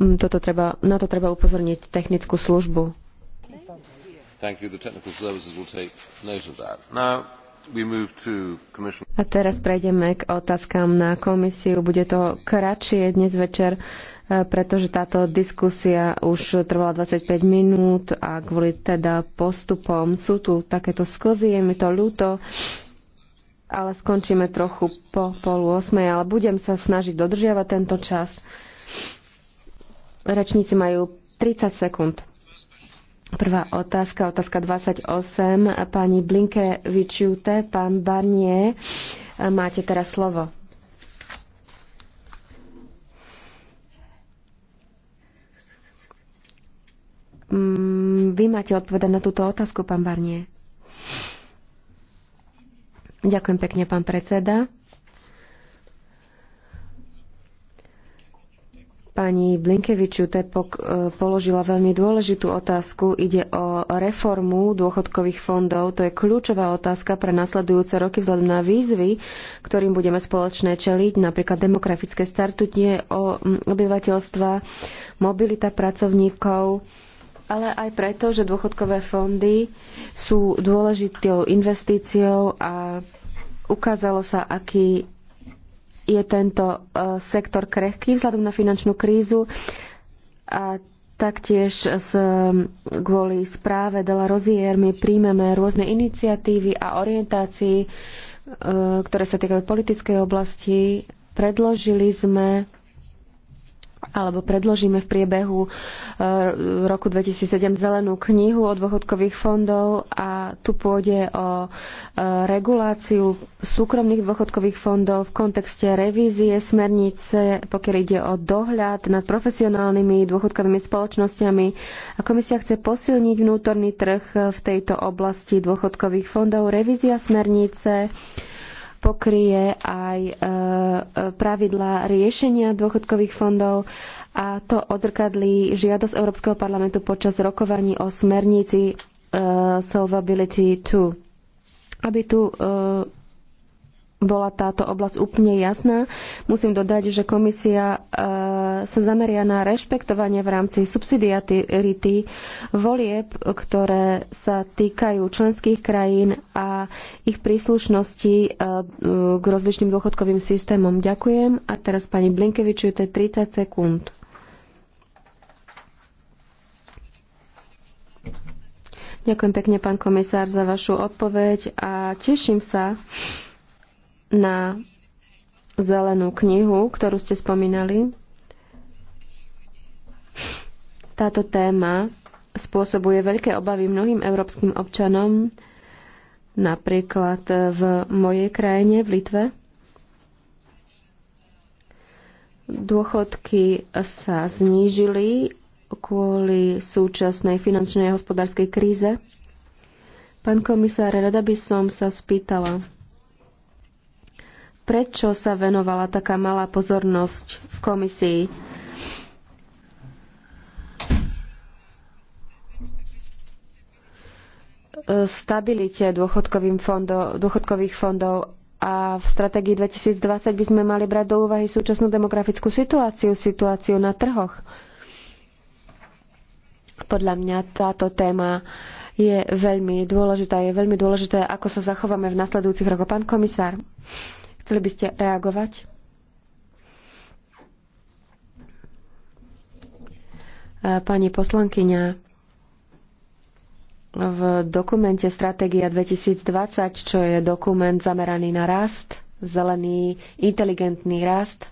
Mm, toto treba, na to treba upozorniť technickú službu. A teraz prejdeme k otázkam na komisiu. Bude to kratšie dnes večer, eh, pretože táto diskusia už trvala 25 minút a kvôli teda postupom sú tu takéto sklzy, je mi to ľúto ale skončíme trochu po polu osmej, ale budem sa snažiť dodržiavať tento čas. Rečníci majú 30 sekúnd. Prvá otázka, otázka 28. Pani Blinke Vyčiute, pán Barnier, máte teraz slovo. Mm, vy máte odpovedať na túto otázku, pán Barnier. Ďakujem pekne, pán predseda. Pani Blinkeviču Tepok e, položila veľmi dôležitú otázku. Ide o reformu dôchodkových fondov. To je kľúčová otázka pre nasledujúce roky vzhľadom na výzvy, ktorým budeme spoločne čeliť, napríklad demografické o obyvateľstva, mobilita pracovníkov, ale aj preto, že dôchodkové fondy sú dôležitou investíciou a ukázalo sa, aký je tento e, sektor krehký vzhľadom na finančnú krízu a taktiež s, kvôli správe Dela Rozier my príjmeme rôzne iniciatívy a orientácii, e, ktoré sa týkajú politickej oblasti. Predložili sme alebo predložíme v priebehu e, roku 2007 zelenú knihu o dôchodkových fondov a tu pôjde o e, reguláciu súkromných dôchodkových fondov v kontexte revízie smernice, pokiaľ ide o dohľad nad profesionálnymi dôchodkovými spoločnosťami. A komisia chce posilniť vnútorný trh v tejto oblasti dôchodkových fondov. Revízia smernice pokrie aj e, e, pravidlá riešenia dôchodkových fondov a to odrkadlí žiadosť Európskeho parlamentu počas rokovaní o smernici e, Solvability 2 aby tu bola táto oblasť úplne jasná. Musím dodať, že komisia e, sa zameria na rešpektovanie v rámci subsidiarity volieb, ktoré sa týkajú členských krajín a ich príslušnosti e, k rozličným dôchodkovým systémom. Ďakujem. A teraz pani Blinkeviču, to je 30 sekúnd. Ďakujem pekne, pán komisár, za vašu odpoveď a teším sa, na zelenú knihu, ktorú ste spomínali. Táto téma spôsobuje veľké obavy mnohým európskym občanom, napríklad v mojej krajine, v Litve. Dôchodky sa znížili kvôli súčasnej finančnej a hospodárskej kríze. Pán komisár, rada by som sa spýtala, prečo sa venovala taká malá pozornosť v komisii. stabilite fondo, dôchodkových fondov a v stratégii 2020 by sme mali brať do úvahy súčasnú demografickú situáciu, situáciu na trhoch. Podľa mňa táto téma je veľmi dôležitá. Je veľmi dôležité, ako sa zachováme v nasledujúcich rokoch. Pán komisár. Uh, Chceli by ste reagovať? E, pani poslankyňa, v dokumente Stratégia 2020, čo je dokument zameraný na rast, zelený, inteligentný rast,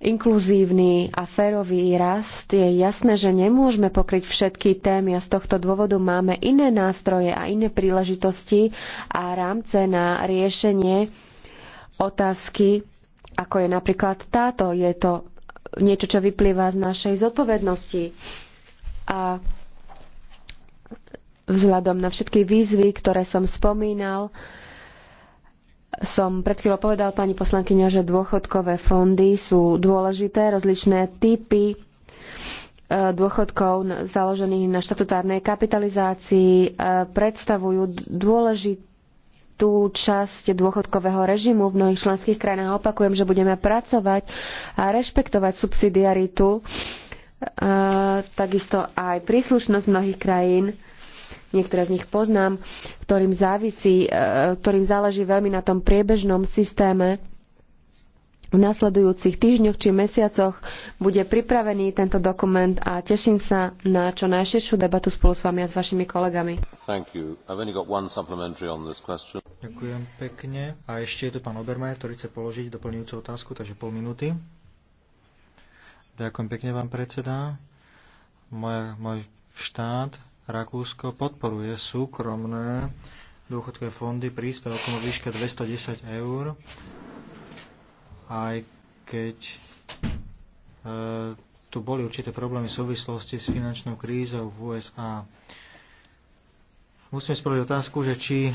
inkluzívny a férový rast, je jasné, že nemôžeme pokryť všetky témy a z tohto dôvodu máme iné nástroje a iné príležitosti a rámce na riešenie otázky, ako je napríklad táto. Je to niečo, čo vyplýva z našej zodpovednosti. A vzhľadom na všetky výzvy, ktoré som spomínal, som pred chvíľou povedal pani poslankyňa, že dôchodkové fondy sú dôležité, rozličné typy e, dôchodkov založených na štatutárnej kapitalizácii e, predstavujú dôležité tú časť dôchodkového režimu v mnohých členských krajinách. Opakujem, že budeme pracovať a rešpektovať subsidiaritu, a takisto aj príslušnosť mnohých krajín niektoré z nich poznám, ktorým závisí, e, ktorým záleží veľmi na tom priebežnom systéme v nasledujúcich týždňoch či mesiacoch bude pripravený tento dokument a teším sa na čo najširšiu debatu spolu s vami a s vašimi kolegami. Ďakujem pekne. A ešte je tu pán Obermajer, ktorý chce položiť doplňujúcu otázku, takže pol minúty. Ďakujem pekne vám, predseda. Moja, môj štát, Rakúsko, podporuje súkromné dôchodkové fondy príspevkom o výške 210 eur aj keď e, tu boli určité problémy v súvislosti s finančnou krízou v USA. Musíme spraviť otázku, že či e,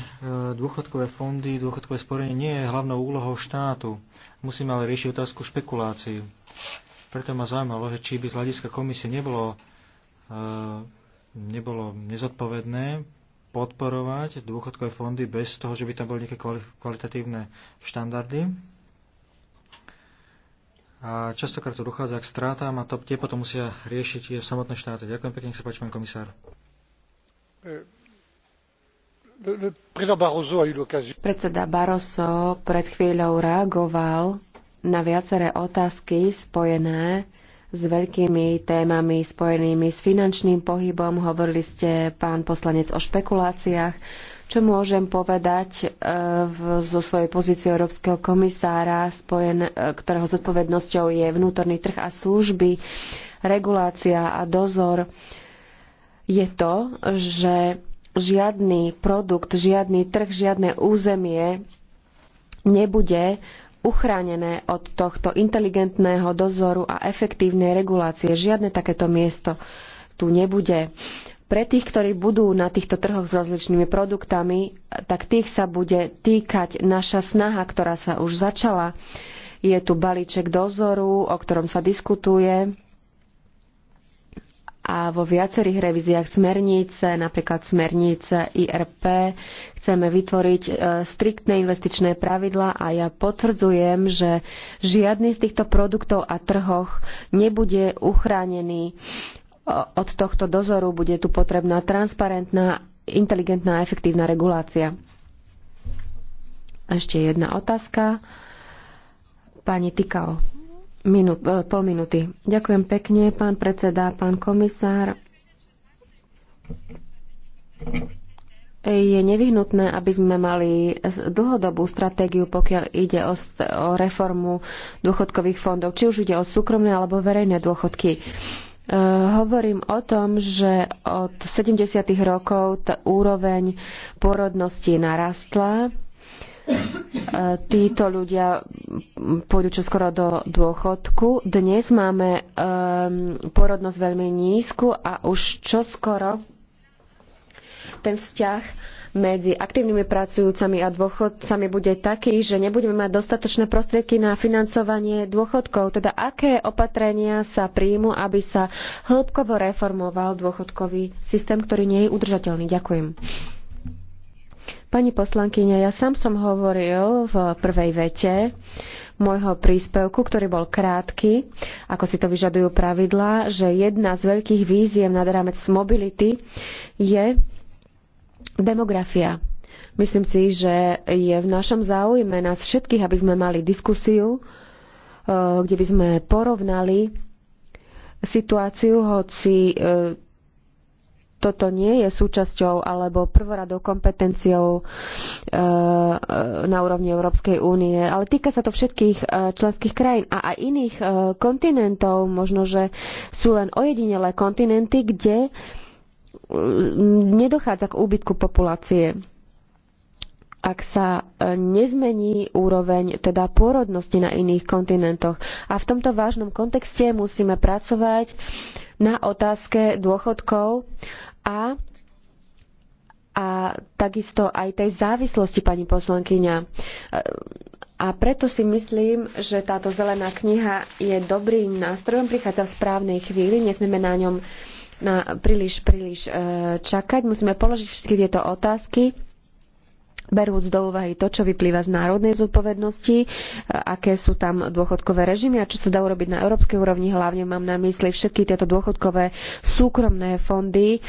dôchodkové fondy, dôchodkové sporenie nie je hlavnou úlohou štátu. Musíme ale riešiť otázku špekulácií. Preto ma zaujímalo, že či by z hľadiska komisie nebolo, e, nebolo nezodpovedné podporovať dôchodkové fondy bez toho, že by tam boli nejaké kvalitatívne štandardy a častokrát to dochádza k strátam a to, tie potom musia riešiť samotné štáty. Ďakujem pekne, nech sa páči, pán komisár. Predseda Barroso pred chvíľou reagoval na viaceré otázky spojené s veľkými témami spojenými s finančným pohybom. Hovorili ste, pán poslanec, o špekuláciách. Čo môžem povedať e, v, zo svojej pozície Európskeho komisára, spojen, e, ktorého zodpovednosťou je vnútorný trh a služby, regulácia a dozor, je to, že žiadny produkt, žiadny trh, žiadne územie nebude uchránené od tohto inteligentného dozoru a efektívnej regulácie. Žiadne takéto miesto tu nebude. Uh, pre tých, ktorí budú na týchto trhoch s rozličnými produktami, tak tých sa bude týkať naša snaha, ktorá sa už začala. Je tu balíček dozoru, o ktorom sa diskutuje a vo viacerých revíziách smernice, napríklad smernice IRP, chceme vytvoriť e, striktné investičné pravidla a ja potvrdzujem, že žiadny z týchto produktov a trhoch nebude uchránený od tohto dozoru. Bude tu potrebná transparentná, inteligentná a efektívna regulácia. Ešte jedna otázka. Pani Tikao, minu, e, pol minúty. Ďakujem pekne, pán predseda, pán komisár. Je nevyhnutné, aby sme mali dlhodobú stratégiu, pokiaľ ide o, o reformu dôchodkových fondov, či už ide o súkromné alebo verejné dôchodky. Uh, hovorím o tom, že od 70. rokov tá úroveň porodnosti narastla. Títo ľudia pôjdu čoskoro do dôchodku. Dnes máme ehm, porodnosť veľmi nízku a už čoskoro ten vzťah medzi aktívnymi pracujúcami a dôchodcami bude taký, že nebudeme mať dostatočné prostriedky na financovanie dôchodkov. Teda aké opatrenia sa príjmu, aby sa hĺbkovo reformoval dôchodkový systém, ktorý nie je udržateľný? Ďakujem. Pani poslankyňa, ja sám som hovoril v prvej vete môjho príspevku, ktorý bol krátky, ako si to vyžadujú pravidlá, že jedna z veľkých víziev nad rámec mobility je Demografia. Myslím si, že je v našom záujme nás všetkých, aby sme mali diskusiu, e, kde by sme porovnali situáciu, hoci e, toto nie je súčasťou alebo prvoradou kompetenciou e, na úrovni Európskej únie, ale týka sa to všetkých členských krajín a aj iných kontinentov. Možno, že sú len ojedinelé kontinenty, kde nedochádza k úbytku populácie ak sa e, nezmení úroveň teda pôrodnosti na iných kontinentoch. A v tomto vážnom kontexte musíme pracovať na otázke dôchodkov a, a takisto aj tej závislosti, pani poslankyňa. E, a preto si myslím, že táto zelená kniha je dobrým nástrojom, prichádza v správnej chvíli, nesmieme na ňom na príliš, príliš e, čakať. Musíme položiť všetky tieto otázky berúc do úvahy to, čo vyplýva z národnej zodpovednosti, e, aké sú tam dôchodkové režimy a čo sa dá urobiť na európskej úrovni. Hlavne mám na mysli všetky tieto dôchodkové súkromné fondy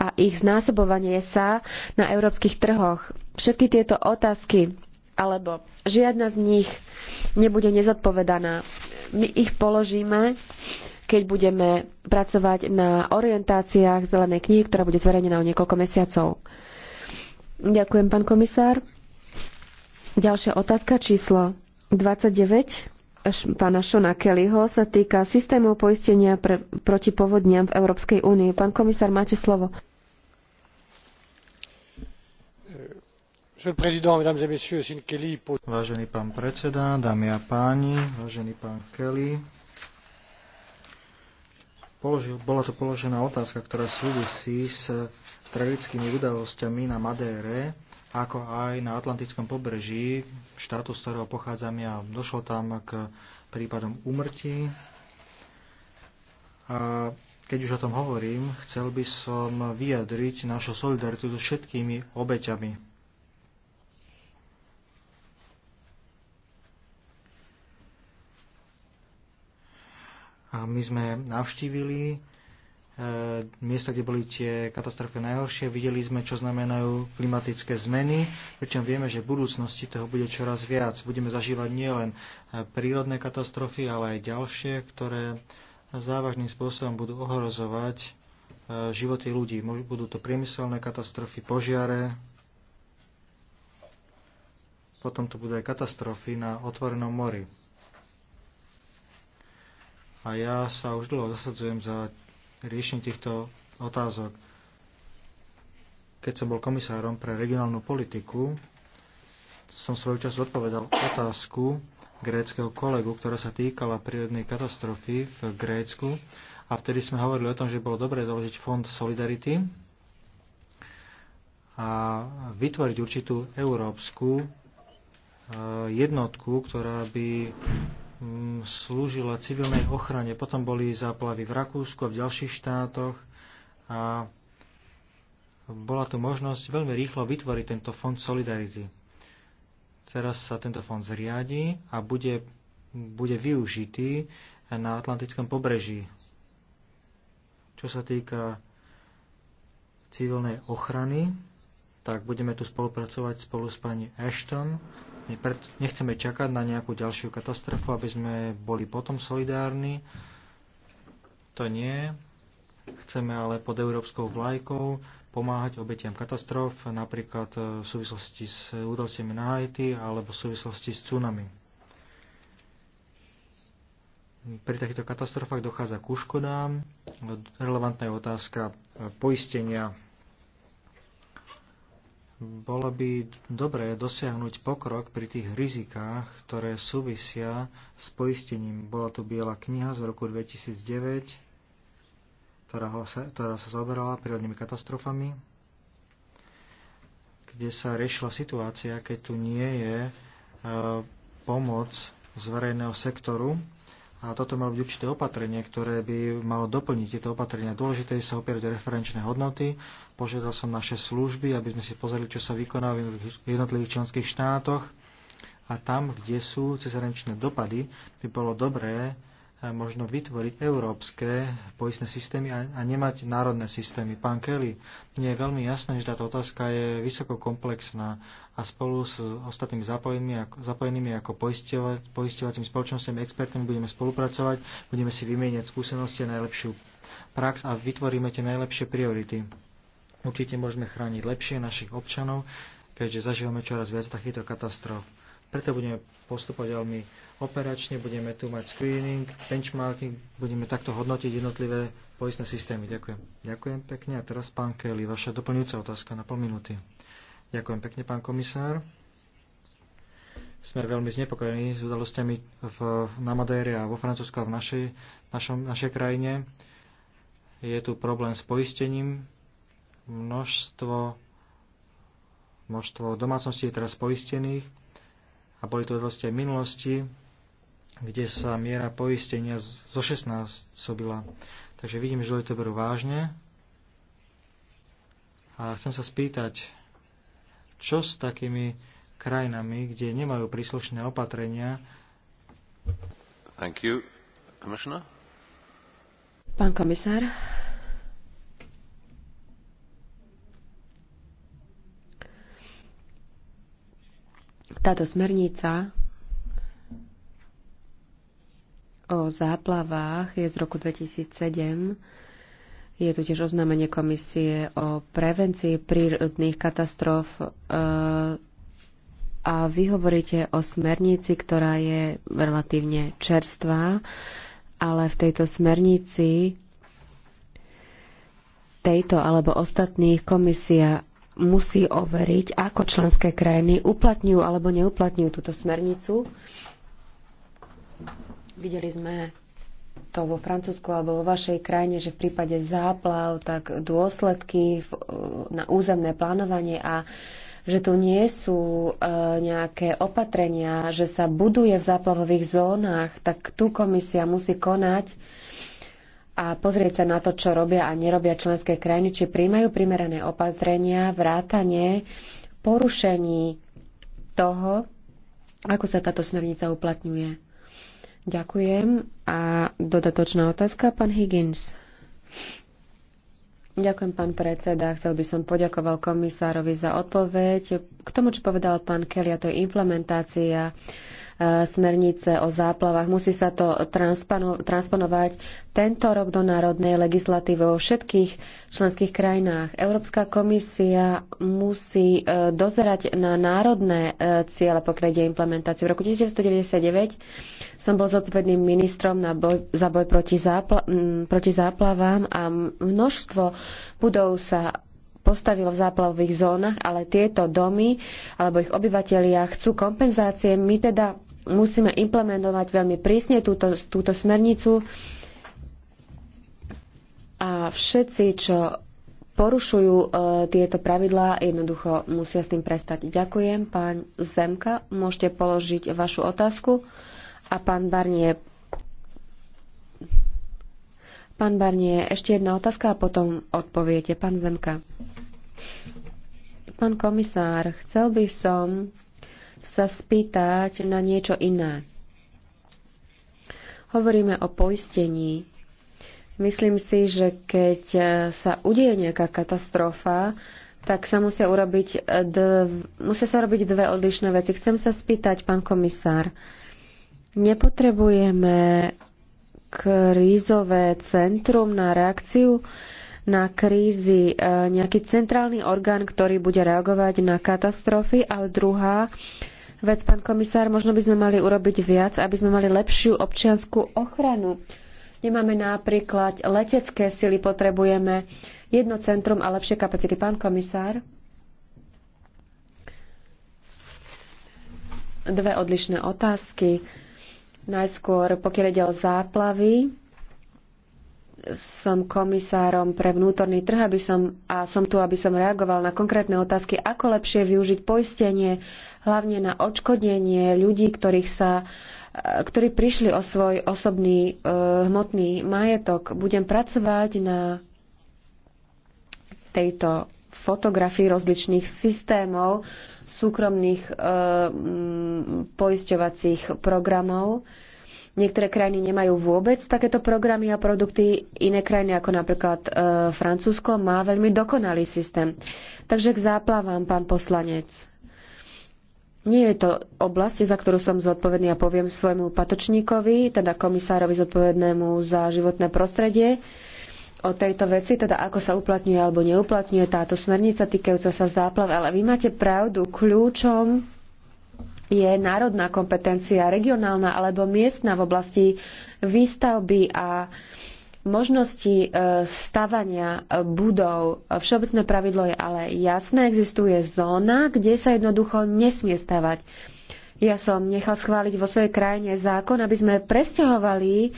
a ich znásobovanie sa na európskych trhoch. Všetky tieto otázky alebo žiadna z nich nebude nezodpovedaná. My ich položíme keď budeme pracovať na orientáciách zelenej knihy, ktorá bude zverejnená o niekoľko mesiacov. Ďakujem, pán komisár. Ďalšia otázka číslo 29 pána Šona Kellyho sa týka systémov poistenia pre, proti povodniam v Európskej únii. Pán komisár, máte slovo. Vážený pán predseda, dámy a páni, vážený pán Kelly, položil, bola to položená otázka, ktorá súvisí s tragickými udalosťami na Madére, ako aj na Atlantickom pobreží, štátu, z ktorého pochádzam ja. Došlo tam k prípadom úmrtí. A keď už o tom hovorím, chcel by som vyjadriť našu solidaritu so všetkými obeťami A my sme navštívili e, miesta, kde boli tie katastrofy najhoršie. Videli sme, čo znamenajú klimatické zmeny, pričom vieme, že v budúcnosti toho bude čoraz viac. Budeme zažívať nielen e, prírodné katastrofy, ale aj ďalšie, ktoré závažným spôsobom budú ohrozovať e, životy ľudí. Budú to priemyselné katastrofy, požiare, potom to budú aj katastrofy na otvorenom mori a ja sa už dlho zasadzujem za riešenie týchto otázok. Keď som bol komisárom pre regionálnu politiku, som svoju čas odpovedal otázku gréckého kolegu, ktorá sa týkala prírodnej katastrofy v Grécku. A vtedy sme hovorili o tom, že bolo dobré založiť fond Solidarity a vytvoriť určitú európsku eh, jednotku, ktorá by slúžila civilnej ochrane. Potom boli záplavy v Rakúsku, v ďalších štátoch a bola tu možnosť veľmi rýchlo vytvoriť tento fond Solidarity. Teraz sa tento fond zriadi a bude, bude využitý na Atlantickom pobreží. Čo sa týka civilnej ochrany, tak budeme tu spolupracovať spolu s pani Ashton nechceme čakať na nejakú ďalšiu katastrofu, aby sme boli potom solidárni. To nie. Chceme ale pod európskou vlajkou pomáhať obetiam katastrof, napríklad e, v súvislosti s udalciami na Haiti alebo v súvislosti s tsunami. Pri takýchto katastrofách dochádza k škodám. Relevantná je otázka poistenia bolo by dobré dosiahnuť pokrok pri tých rizikách, ktoré súvisia s poistením. Bola tu biela kniha z roku 2009, ktorá, ho sa, ktorá sa zaoberala prírodnými katastrofami, kde sa riešila situácia, keď tu nie je e, pomoc z verejného sektoru a toto malo byť určité opatrenie, ktoré by malo doplniť tieto opatrenia. Dôležité je sa opierať o referenčné hodnoty. Požiadal som naše služby, aby sme si pozreli, čo sa vykonáva v jednotlivých členských štátoch. A tam, kde sú cezhraničné dopady, by bolo dobré možno vytvoriť európske poistné systémy a, a nemať národné systémy. Pán Kelly, mne je veľmi jasné, že táto otázka je vysoko komplexná a spolu s ostatnými zapojenými, zapojenými ako poisťovacím spoločnosťami, expertmi budeme spolupracovať, budeme si vymieňať skúsenosti a najlepšiu prax a vytvoríme tie najlepšie priority. Určite môžeme chrániť lepšie našich občanov, keďže zažívame čoraz viac takýchto katastrof. Preto budeme postupovať veľmi operačne, budeme tu mať screening, benchmarking, budeme takto hodnotiť jednotlivé poistné systémy. Ďakujem. Ďakujem pekne. A teraz pán Kelly, vaša doplňujúca otázka na pol minúty. Ďakujem pekne, pán komisár. Sme veľmi znepokojení s udalosťami v, na Madére a vo Francúzsku a v našej, našom, našej krajine. Je tu problém s poistením. Množstvo, množstvo domácností je teraz poistených a boli to udalosti aj minulosti, kde sa miera poistenia zo 16 sobila. Takže vidím, že ľudia to berú vážne. A chcem sa spýtať, čo s takými krajinami, kde nemajú príslušné opatrenia? Thank you. Commissioner? Pán komisár. Táto smernica o záplavách je z roku 2007. Je tu tiež oznámenie komisie o prevencii prírodných katastrof e, a vy hovoríte o smernici, ktorá je relatívne čerstvá, ale v tejto smernici tejto alebo ostatných komisia musí overiť, ako členské krajiny uplatňujú alebo neuplatňujú túto smernicu. Videli sme to vo Francúzsku alebo vo vašej krajine, že v prípade záplav, tak dôsledky na územné plánovanie a že tu nie sú e, nejaké opatrenia, že sa buduje v záplavových zónach, tak tu komisia musí konať a pozrieť sa na to, čo robia a nerobia členské krajiny, či príjmajú primerané opatrenia, vrátanie porušení toho, ako sa táto smernica uplatňuje. Ďakujem. A dodatočná otázka, pán Higgins. Ďakujem, pán predseda. Chcel by som poďakoval komisárovi za odpoveď. K tomu, čo povedal pán Kelly, a to je implementácia E, smernice o záplavách. Musí sa to transponovať tento rok do národnej legislatívy vo všetkých členských krajinách. Európska komisia musí e, dozerať na národné e, ciele, pokiaľ ide implementáciu. V roku 1999 som bol zodpovedným ministrom na boj, za boj proti, zápl- proti záplavám a množstvo budov sa postavilo v záplavových zónach, ale tieto domy alebo ich obyvatelia chcú kompenzácie. My teda musíme implementovať veľmi prísne túto, túto smernicu a všetci, čo porušujú e, tieto pravidlá, jednoducho musia s tým prestať. Ďakujem, pán Zemka. Môžete položiť vašu otázku a pán Barnie Pán Barnie, ešte jedna otázka a potom odpoviete. Pán Zemka. Pán komisár, chcel by som sa spýtať na niečo iné. Hovoríme o poistení. Myslím si, že keď sa udie nejaká katastrofa, tak sa musia, urobiť dv- musia sa robiť dve odlišné veci. Chcem sa spýtať, pán komisár, nepotrebujeme krízové centrum na reakciu na krízy, e, nejaký centrálny orgán, ktorý bude reagovať na katastrofy. A druhá vec, pán komisár, možno by sme mali urobiť viac, aby sme mali lepšiu občianskú ochranu. Nemáme napríklad letecké sily, potrebujeme jedno centrum a lepšie kapacity. Pán komisár? Dve odlišné otázky. Najskôr, pokiaľ ide o záplavy, som komisárom pre vnútorný trh aby som, a som tu, aby som reagoval na konkrétne otázky, ako lepšie využiť poistenie, hlavne na odškodnenie ľudí, ktorých sa, e, ktorí prišli o svoj osobný e, hmotný majetok. Budem pracovať na tejto fotografii rozličných systémov, súkromných eh, mm, poisťovacích programov. Niektoré krajiny nemajú vôbec takéto programy a produkty, iné krajiny ako napríklad e, Francúzsko má veľmi dokonalý systém. Takže k záplavám, pán poslanec. Nie je to oblasť, za ktorú som zodpovedný a poviem svojmu patočníkovi, teda komisárovi zodpovednému za životné prostredie, o tejto veci, teda ako sa uplatňuje alebo neuplatňuje táto smernica týkajúca sa záplav, ale vy máte pravdu, kľúčom je národná kompetencia, regionálna alebo miestna v oblasti výstavby a možnosti e, stavania e, budov. Všeobecné pravidlo je ale jasné, existuje zóna, kde sa jednoducho nesmie stavať ja som nechal schváliť vo svojej krajine zákon, aby sme presťahovali e,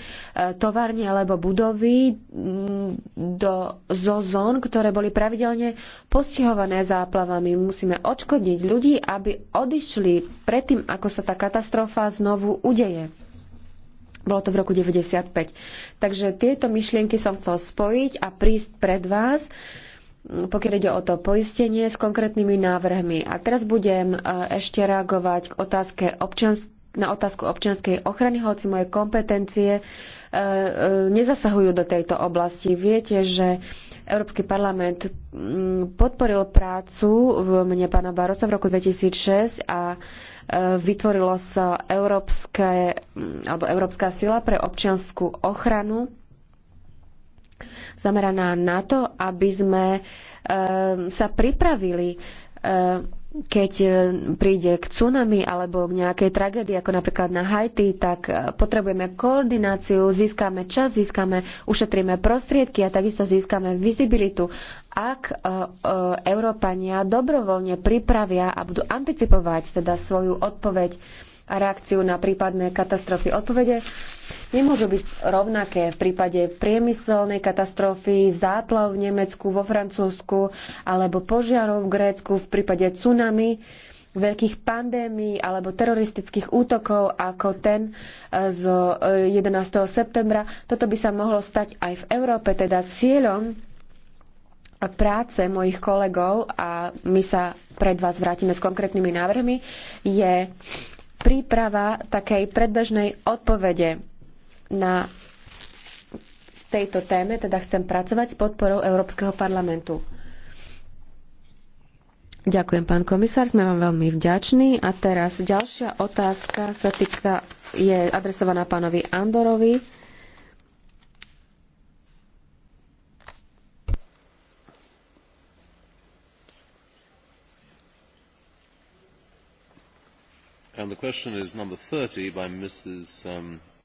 továrne alebo budovy mm, do, zo zón, ktoré boli pravidelne postihované záplavami. Musíme odškodniť ľudí, aby odišli predtým, ako sa tá katastrofa znovu udeje. Bolo to v roku 95. Takže tieto myšlienky som chcel spojiť a prísť pred vás pokiaľ ide o to poistenie s konkrétnymi návrhmi. A teraz budem e, ešte reagovať k otázke občans- na otázku občianskej ochrany, hoci moje kompetencie e, e, nezasahujú do tejto oblasti. Viete, že Európsky parlament mm, podporil prácu v mne pána Barosa v roku 2006 a vytvorilo sa európske, mm, alebo Európska sila pre občianskú ochranu zameraná na to, aby sme e, sa pripravili e, keď e, príde k tsunami alebo k nejakej tragédii, ako napríklad na Haiti, tak potrebujeme koordináciu, získame čas, získame, ušetríme prostriedky a takisto získame vizibilitu. Ak Európania dobrovoľne pripravia a budú anticipovať teda svoju odpoveď, a reakciu na prípadné katastrofy. Odpovede nemôžu byť rovnaké v prípade priemyselnej katastrofy, záplav v Nemecku, vo Francúzsku alebo požiarov v Grécku, v prípade tsunami, veľkých pandémií alebo teroristických útokov ako ten e, z 11. E, septembra. Toto by sa mohlo stať aj v Európe, teda cieľom práce mojich kolegov a my sa pred vás vrátime s konkrétnymi návrhmi, je príprava takej predbežnej odpovede na tejto téme, teda chcem pracovať s podporou Európskeho parlamentu. Ďakujem, pán komisár, sme vám veľmi vďační. A teraz ďalšia otázka sa týka, je adresovaná pánovi Andorovi Um,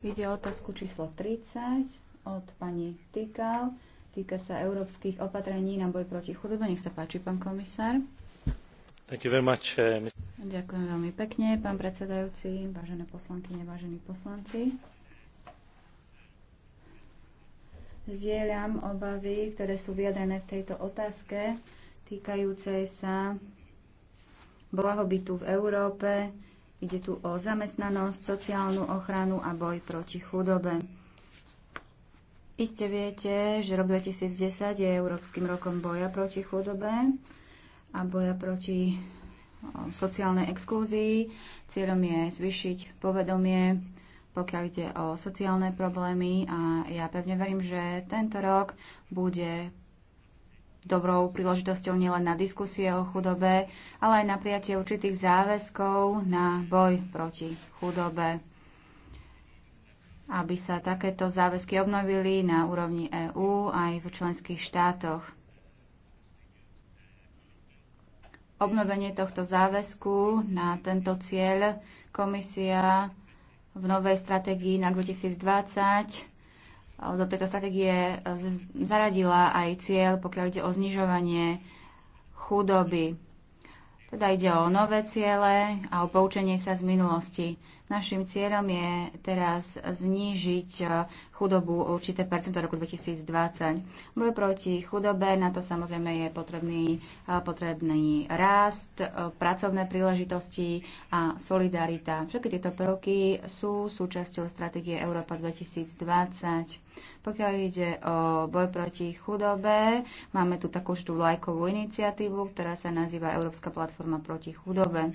Ide o otázku číslo 30 od pani Tykal. Týka sa európskych opatrení na boj proti chudobe. Nech sa páči, pán komisár. Thank you very much, uh, Ďakujem veľmi pekne, pán predsedajúci, vážené poslanky, vážení poslanci. Zdieľam obavy, ktoré sú vyjadrené v tejto otázke týkajúcej sa blahobytu v Európe, Ide tu o zamestnanosť, sociálnu ochranu a boj proti chudobe. Iste viete, že rok 2010 je Európskym rokom boja proti chudobe a boja proti sociálnej exklúzii. Cieľom je zvyšiť povedomie, pokiaľ ide o sociálne problémy a ja pevne verím, že tento rok bude dobrou príležitosťou nielen na diskusie o chudobe, ale aj na prijatie určitých záväzkov na boj proti chudobe aby sa takéto záväzky obnovili na úrovni EÚ aj v členských štátoch. Obnovenie tohto záväzku na tento cieľ komisia v novej stratégii na 2020 do tejto stratégie e, zaradila aj cieľ, pokiaľ ide o znižovanie chudoby. Teda ide o nové ciele a o poučenie sa z minulosti. Našim cieľom je teraz znížiť e, chudobu o určité percento roku 2020. Boj proti chudobe, na to samozrejme je potrebný, e, potrebný rast, e, pracovné príležitosti a solidarita. Všetky tieto prvky sú súčasťou stratégie Európa 2020. Pokiaľ ide o boj proti chudobe, máme tu takú tú vlajkovú iniciatívu, ktorá sa nazýva Európska platforma proti chudobe.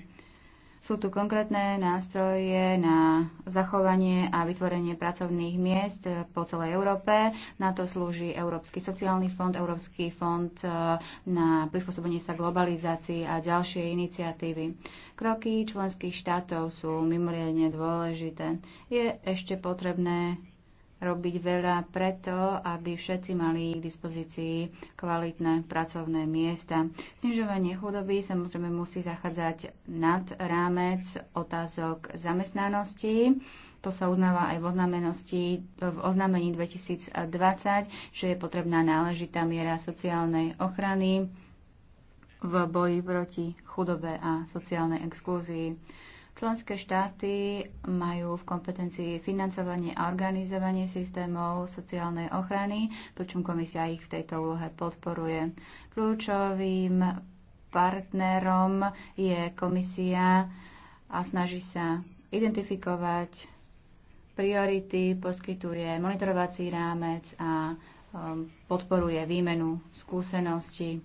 Sú tu konkrétne nástroje na zachovanie a vytvorenie pracovných miest eh, po celej Európe. Na to slúži Európsky sociálny fond, Európsky fond eh, na prispôsobenie sa globalizácii a ďalšie iniciatívy. Kroky členských štátov sú mimoriadne dôležité. Je ešte potrebné robiť veľa preto, aby všetci mali k dispozícii kvalitné pracovné miesta. Snižovanie chudoby samozrejme musí zachádzať nad rámec otázok zamestnanosti. To sa uznáva aj v, v oznámení 2020, že je potrebná náležitá miera sociálnej ochrany v boji proti chudobe a sociálnej exklúzii. Členské štáty majú v kompetencii financovanie a organizovanie systémov sociálnej ochrany, pričom komisia ich v tejto úlohe podporuje. Kľúčovým partnerom je komisia a snaží sa identifikovať priority, poskytuje monitorovací rámec a um, podporuje výmenu skúseností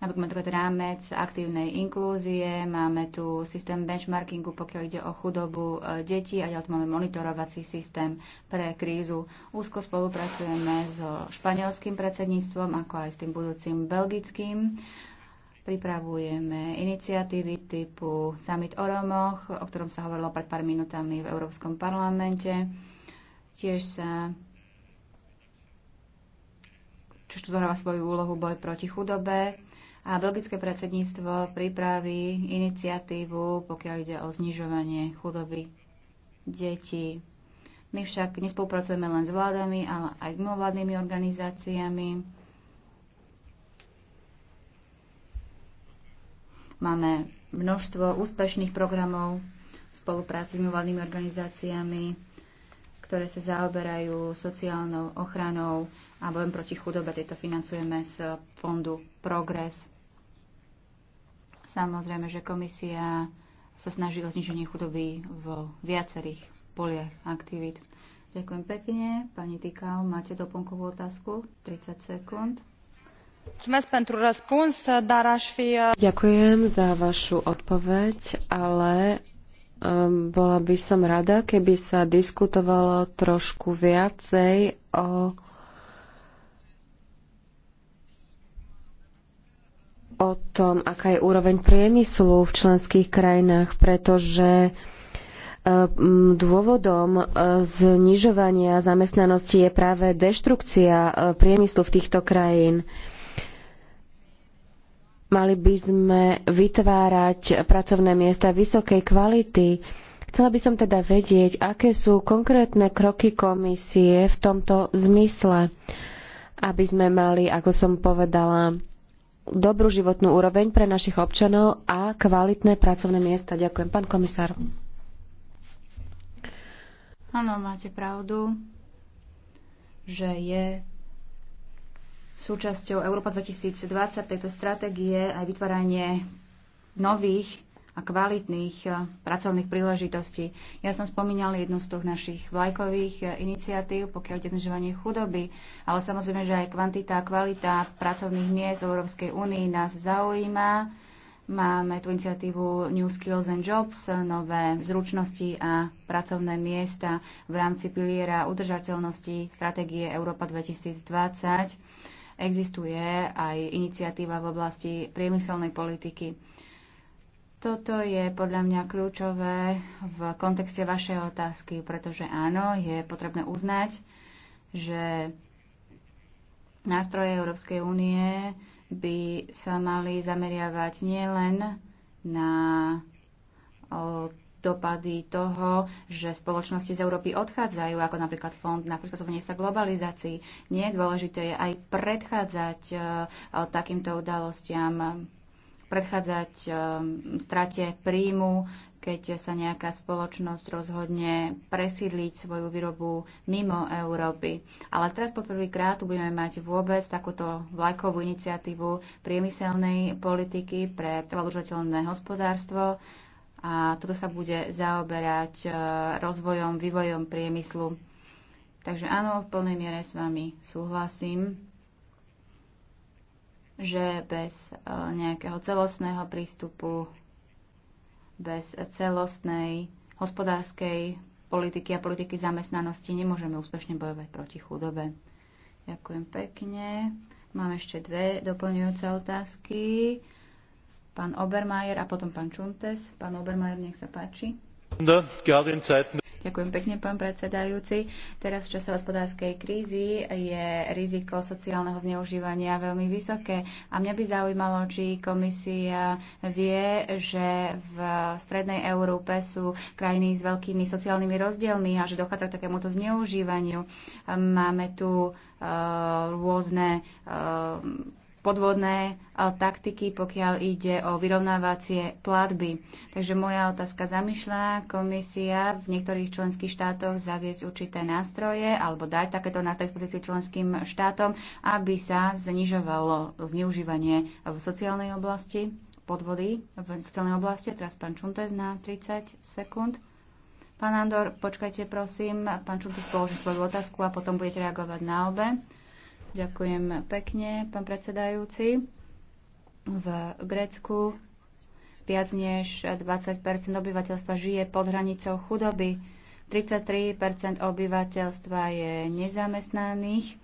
Napríklad máme tu rámec aktívnej inklúzie, máme tu systém benchmarkingu, pokiaľ ide o chudobu e, detí a ďalej tu máme monitorovací systém pre krízu. Úzko spolupracujeme so španielským predsedníctvom, ako aj s tým budúcim belgickým. Pripravujeme iniciatívy typu Summit o Romoch, o ktorom sa hovorilo pred pár minutami v Európskom parlamente. Tiež sa čo tu zohráva svoju úlohu boj proti chudobe a belgické predsedníctvo pripraví iniciatívu, pokiaľ ide o znižovanie chudoby detí. My však nespolupracujeme len s vládami, ale aj s mimovládnymi organizáciami. Máme množstvo úspešných programov v spolupráci s mimovládnymi organizáciami, ktoré sa zaoberajú sociálnou ochranou a bojem proti chudobe. Tieto financujeme z fondu Progress. Samozrejme, že komisia sa snaží o zniženie chudoby vo viacerých poliach aktivít. Ďakujem pekne. Pani Tikau, máte doplnkovú otázku? 30 sekúnd. Uh, Ďakujem za vašu odpoveď, ale um, bola by som rada, keby sa diskutovalo trošku viacej o o tom, aká je úroveň priemyslu v členských krajinách, pretože e, dôvodom e, znižovania zamestnanosti je práve deštrukcia e, priemyslu v týchto krajín. Mali by sme vytvárať pracovné miesta vysokej kvality. Chcela by som teda vedieť, aké sú konkrétne kroky komisie v tomto zmysle, aby sme mali, ako som povedala, dobrú životnú úroveň pre našich občanov a kvalitné pracovné miesta. Ďakujem. Pán komisár. Áno, máte pravdu, že je súčasťou Európa 2020 tejto stratégie aj vytváranie nových a kvalitných e, pracovných príležitostí. Ja som spomínala jednu z tých našich vlajkových e, iniciatív, pokiaľ ide znižovanie chudoby, ale samozrejme, že aj kvantita a kvalita pracovných miest v Európskej únii nás zaujíma. Máme tu iniciatívu New Skills and Jobs, nové zručnosti a pracovné miesta v rámci piliera udržateľnosti stratégie Európa 2020. Existuje aj iniciatíva v oblasti priemyselnej politiky. Toto je podľa mňa kľúčové v kontexte vašej otázky, pretože áno, je potrebné uznať, že nástroje Európskej únie by sa mali zameriavať nielen na dopady toho, že spoločnosti z Európy odchádzajú, ako napríklad Fond na prispôsobenie sa globalizácii. Nie je dôležité je aj predchádzať takýmto udalostiam predchádzať um, strate príjmu, keď sa nejaká spoločnosť rozhodne presídliť svoju výrobu mimo Európy. Ale teraz poprvýkrát budeme mať vôbec takúto vlajkovú iniciatívu priemyselnej politiky pre trvalúžateľné hospodárstvo a toto sa bude zaoberať uh, rozvojom, vývojom priemyslu. Takže áno, v plnej miere s vami súhlasím že bez e, nejakého celostného prístupu, bez celostnej hospodárskej politiky a politiky zamestnanosti nemôžeme úspešne bojovať proti chudobe. Ďakujem pekne. Mám ešte dve doplňujúce otázky. Pán Obermajer a potom pán Čuntes. Pán Obermajer, nech sa páči. Gerade in Zeiten Ďakujem pekne, pán predsedajúci. Teraz v čase hospodárskej krízy je riziko sociálneho zneužívania veľmi vysoké. A mňa by zaujímalo, či komisia vie, že v strednej Európe sú krajiny s veľkými sociálnymi rozdielmi a že dochádza k takémuto zneužívaniu. Máme tu uh, rôzne uh, podvodné taktiky, pokiaľ ide o vyrovnávacie platby. Takže moja otázka zamýšľa komisia v niektorých členských štátoch zaviesť určité nástroje alebo dať takéto nástroje pozície členským štátom, aby sa znižovalo zneužívanie v sociálnej oblasti, podvody v sociálnej oblasti. Teraz pán Čuntes na 30 sekúnd. Pán Andor, počkajte prosím, pán Čuntes položí svoju otázku a potom budete reagovať na obe. Ďakujem pekne, pán predsedajúci. V Grécku viac než 20 obyvateľstva žije pod hranicou chudoby. 33 obyvateľstva je nezamestnaných.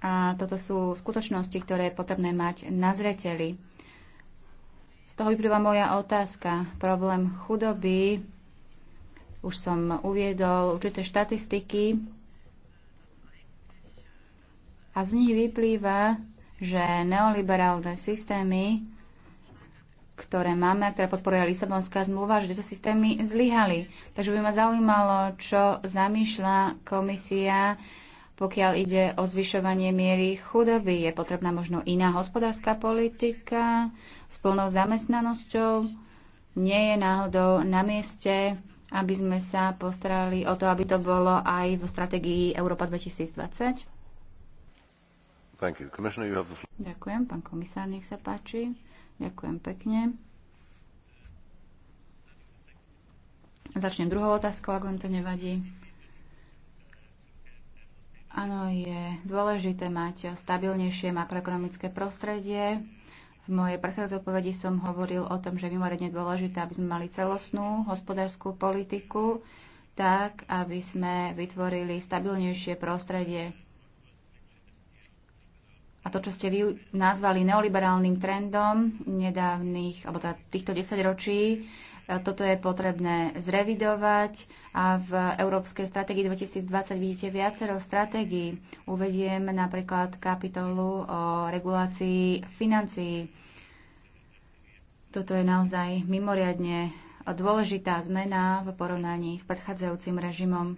A toto sú skutočnosti, ktoré je potrebné mať na zreteli. Z toho vyplýva moja otázka. Problém chudoby. Už som uviedol určité štatistiky a z nich vyplýva, že neoliberálne systémy, ktoré máme ktoré podporuje Lisabonská zmluva, že tieto systémy zlyhali. Takže by ma zaujímalo, čo zamýšľa komisia, pokiaľ ide o zvyšovanie miery chudoby. Je potrebná možno iná hospodárska politika s plnou zamestnanosťou. Nie je náhodou na mieste aby sme sa postarali o to, aby to bolo aj v stratégii Európa 2020? Ďakujem, pán komisár, nech sa páči. Ďakujem pekne. Začnem druhou otázkou, ak vám to nevadí. Áno, je dôležité mať stabilnejšie makroekonomické prostredie. V mojej predchádzajúcej odpovedi som hovoril o tom, že je mimoriadne dôležité, aby sme mali celostnú hospodárskú politiku, tak, aby sme vytvorili stabilnejšie prostredie a to, čo ste vy nazvali neoliberálnym trendom nedávnych, alebo teda týchto desaťročí, e, toto je potrebné zrevidovať a v Európskej stratégii 2020 vidíte viacero stratégií. Uvediem napríklad kapitolu o regulácii financií. Toto je naozaj mimoriadne dôležitá zmena v porovnaní s predchádzajúcim režimom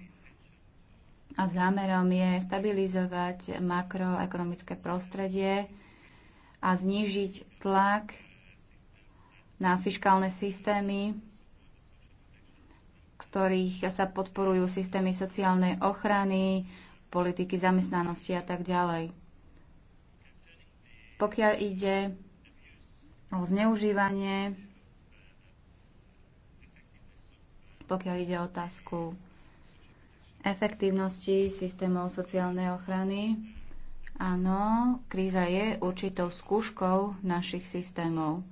a zámerom je stabilizovať makroekonomické prostredie a znížiť tlak na fiskálne systémy, z ktorých sa podporujú systémy sociálnej ochrany, politiky zamestnanosti a tak ďalej. Pokiaľ ide o zneužívanie, pokiaľ ide o otázku efektívnosti systémov sociálnej ochrany. Áno, kríza je určitou skúškou našich systémov.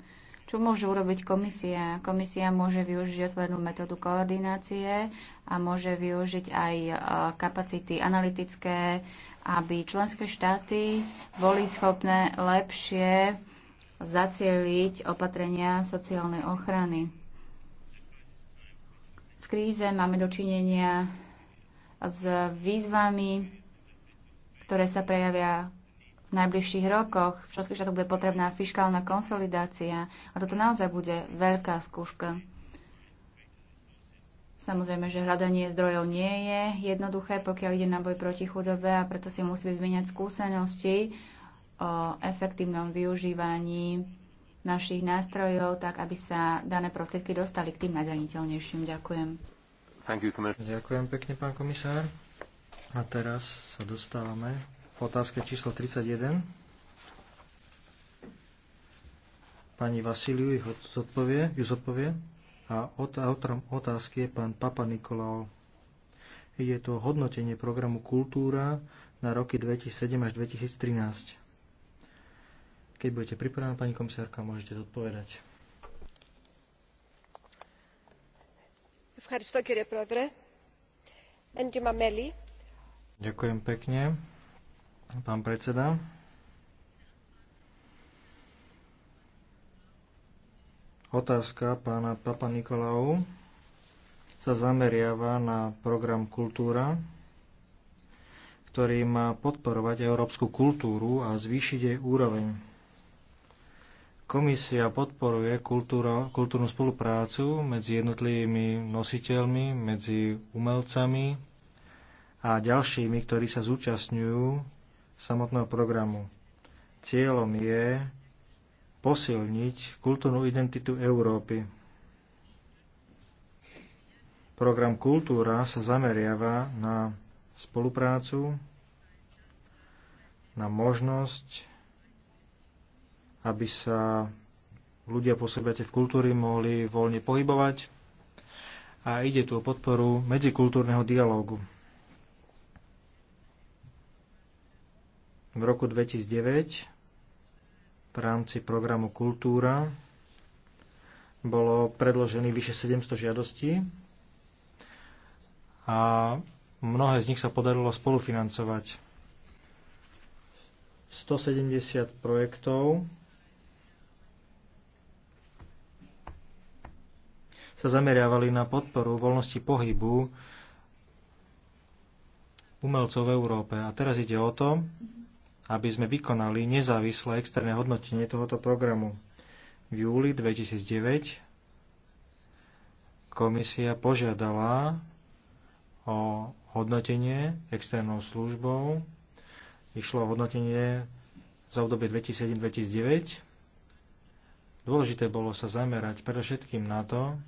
Čo môže urobiť komisia? Komisia môže využiť otvorenú metódu koordinácie a môže využiť aj e, kapacity analytické, aby členské štáty boli schopné lepšie zacieliť opatrenia sociálnej ochrany. V kríze máme dočinenia s výzvami, ktoré sa prejavia v najbližších rokoch. V členských štátoch bude potrebná fiskálna konsolidácia a toto naozaj bude veľká skúška. Samozrejme, že hľadanie zdrojov nie je jednoduché, pokiaľ ide na boj proti chudobe a preto si musí vymeniať skúsenosti o efektívnom využívaní našich nástrojov, tak aby sa dané prostriedky dostali k tým najzraniteľnejším. Ďakujem. Ďakujem pekne, pán komisár. A teraz sa dostávame k otázke číslo 31. Pani Vasiliu ich odpovie, ju zodpovie. A autorom otázky je pán Papa Nikolao. Je to hodnotenie programu Kultúra na roky 2007 až 2013. Keď budete pripravená, pani komisárka, môžete zodpovedať. Ďakujem pekne, pán predseda. Otázka pána papanikolaou sa zameriava na program Kultúra, ktorý má podporovať európsku kultúru a zvýšiť jej úroveň. Komisia podporuje kultúra, kultúrnu spoluprácu medzi jednotlivými nositeľmi, medzi umelcami a ďalšími, ktorí sa zúčastňujú samotného programu. Cieľom je posilniť kultúrnu identitu Európy. Program Kultúra sa zameriava na spoluprácu, na možnosť aby sa ľudia pôsobiaci v kultúry mohli voľne pohybovať a ide tu o podporu medzikultúrneho dialógu. V roku 2009 v rámci programu Kultúra bolo predložených vyše 700 žiadostí a mnohé z nich sa podarilo spolufinancovať. 170 projektov sa zameriavali na podporu voľnosti pohybu umelcov v Európe. A teraz ide o to, aby sme vykonali nezávislé externé hodnotenie tohoto programu. V júli 2009 komisia požiadala o hodnotenie externou službou. Išlo o hodnotenie za obdobie 2007-2009. Dôležité bolo sa zamerať predovšetkým na to,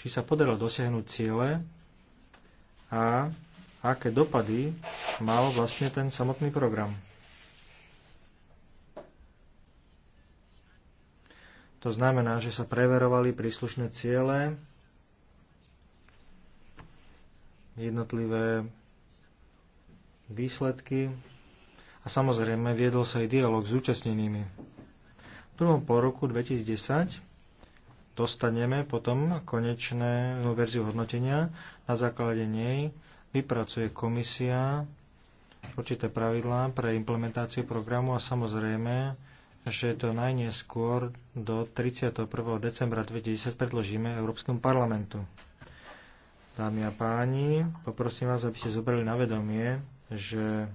či sa podarilo dosiahnuť ciele a aké dopady mal vlastne ten samotný program. To znamená, že sa preverovali príslušné ciele, jednotlivé výsledky a samozrejme viedol sa aj dialog s účastnenými. V prvom poroku 2010 dostaneme potom konečné verziu hodnotenia. Na základe nej vypracuje komisia určité pravidlá pre implementáciu programu a samozrejme, že to najneskôr do 31. decembra 2010 predložíme Európskom parlamentu. Dámy a páni, poprosím vás, aby ste zobrali na vedomie, že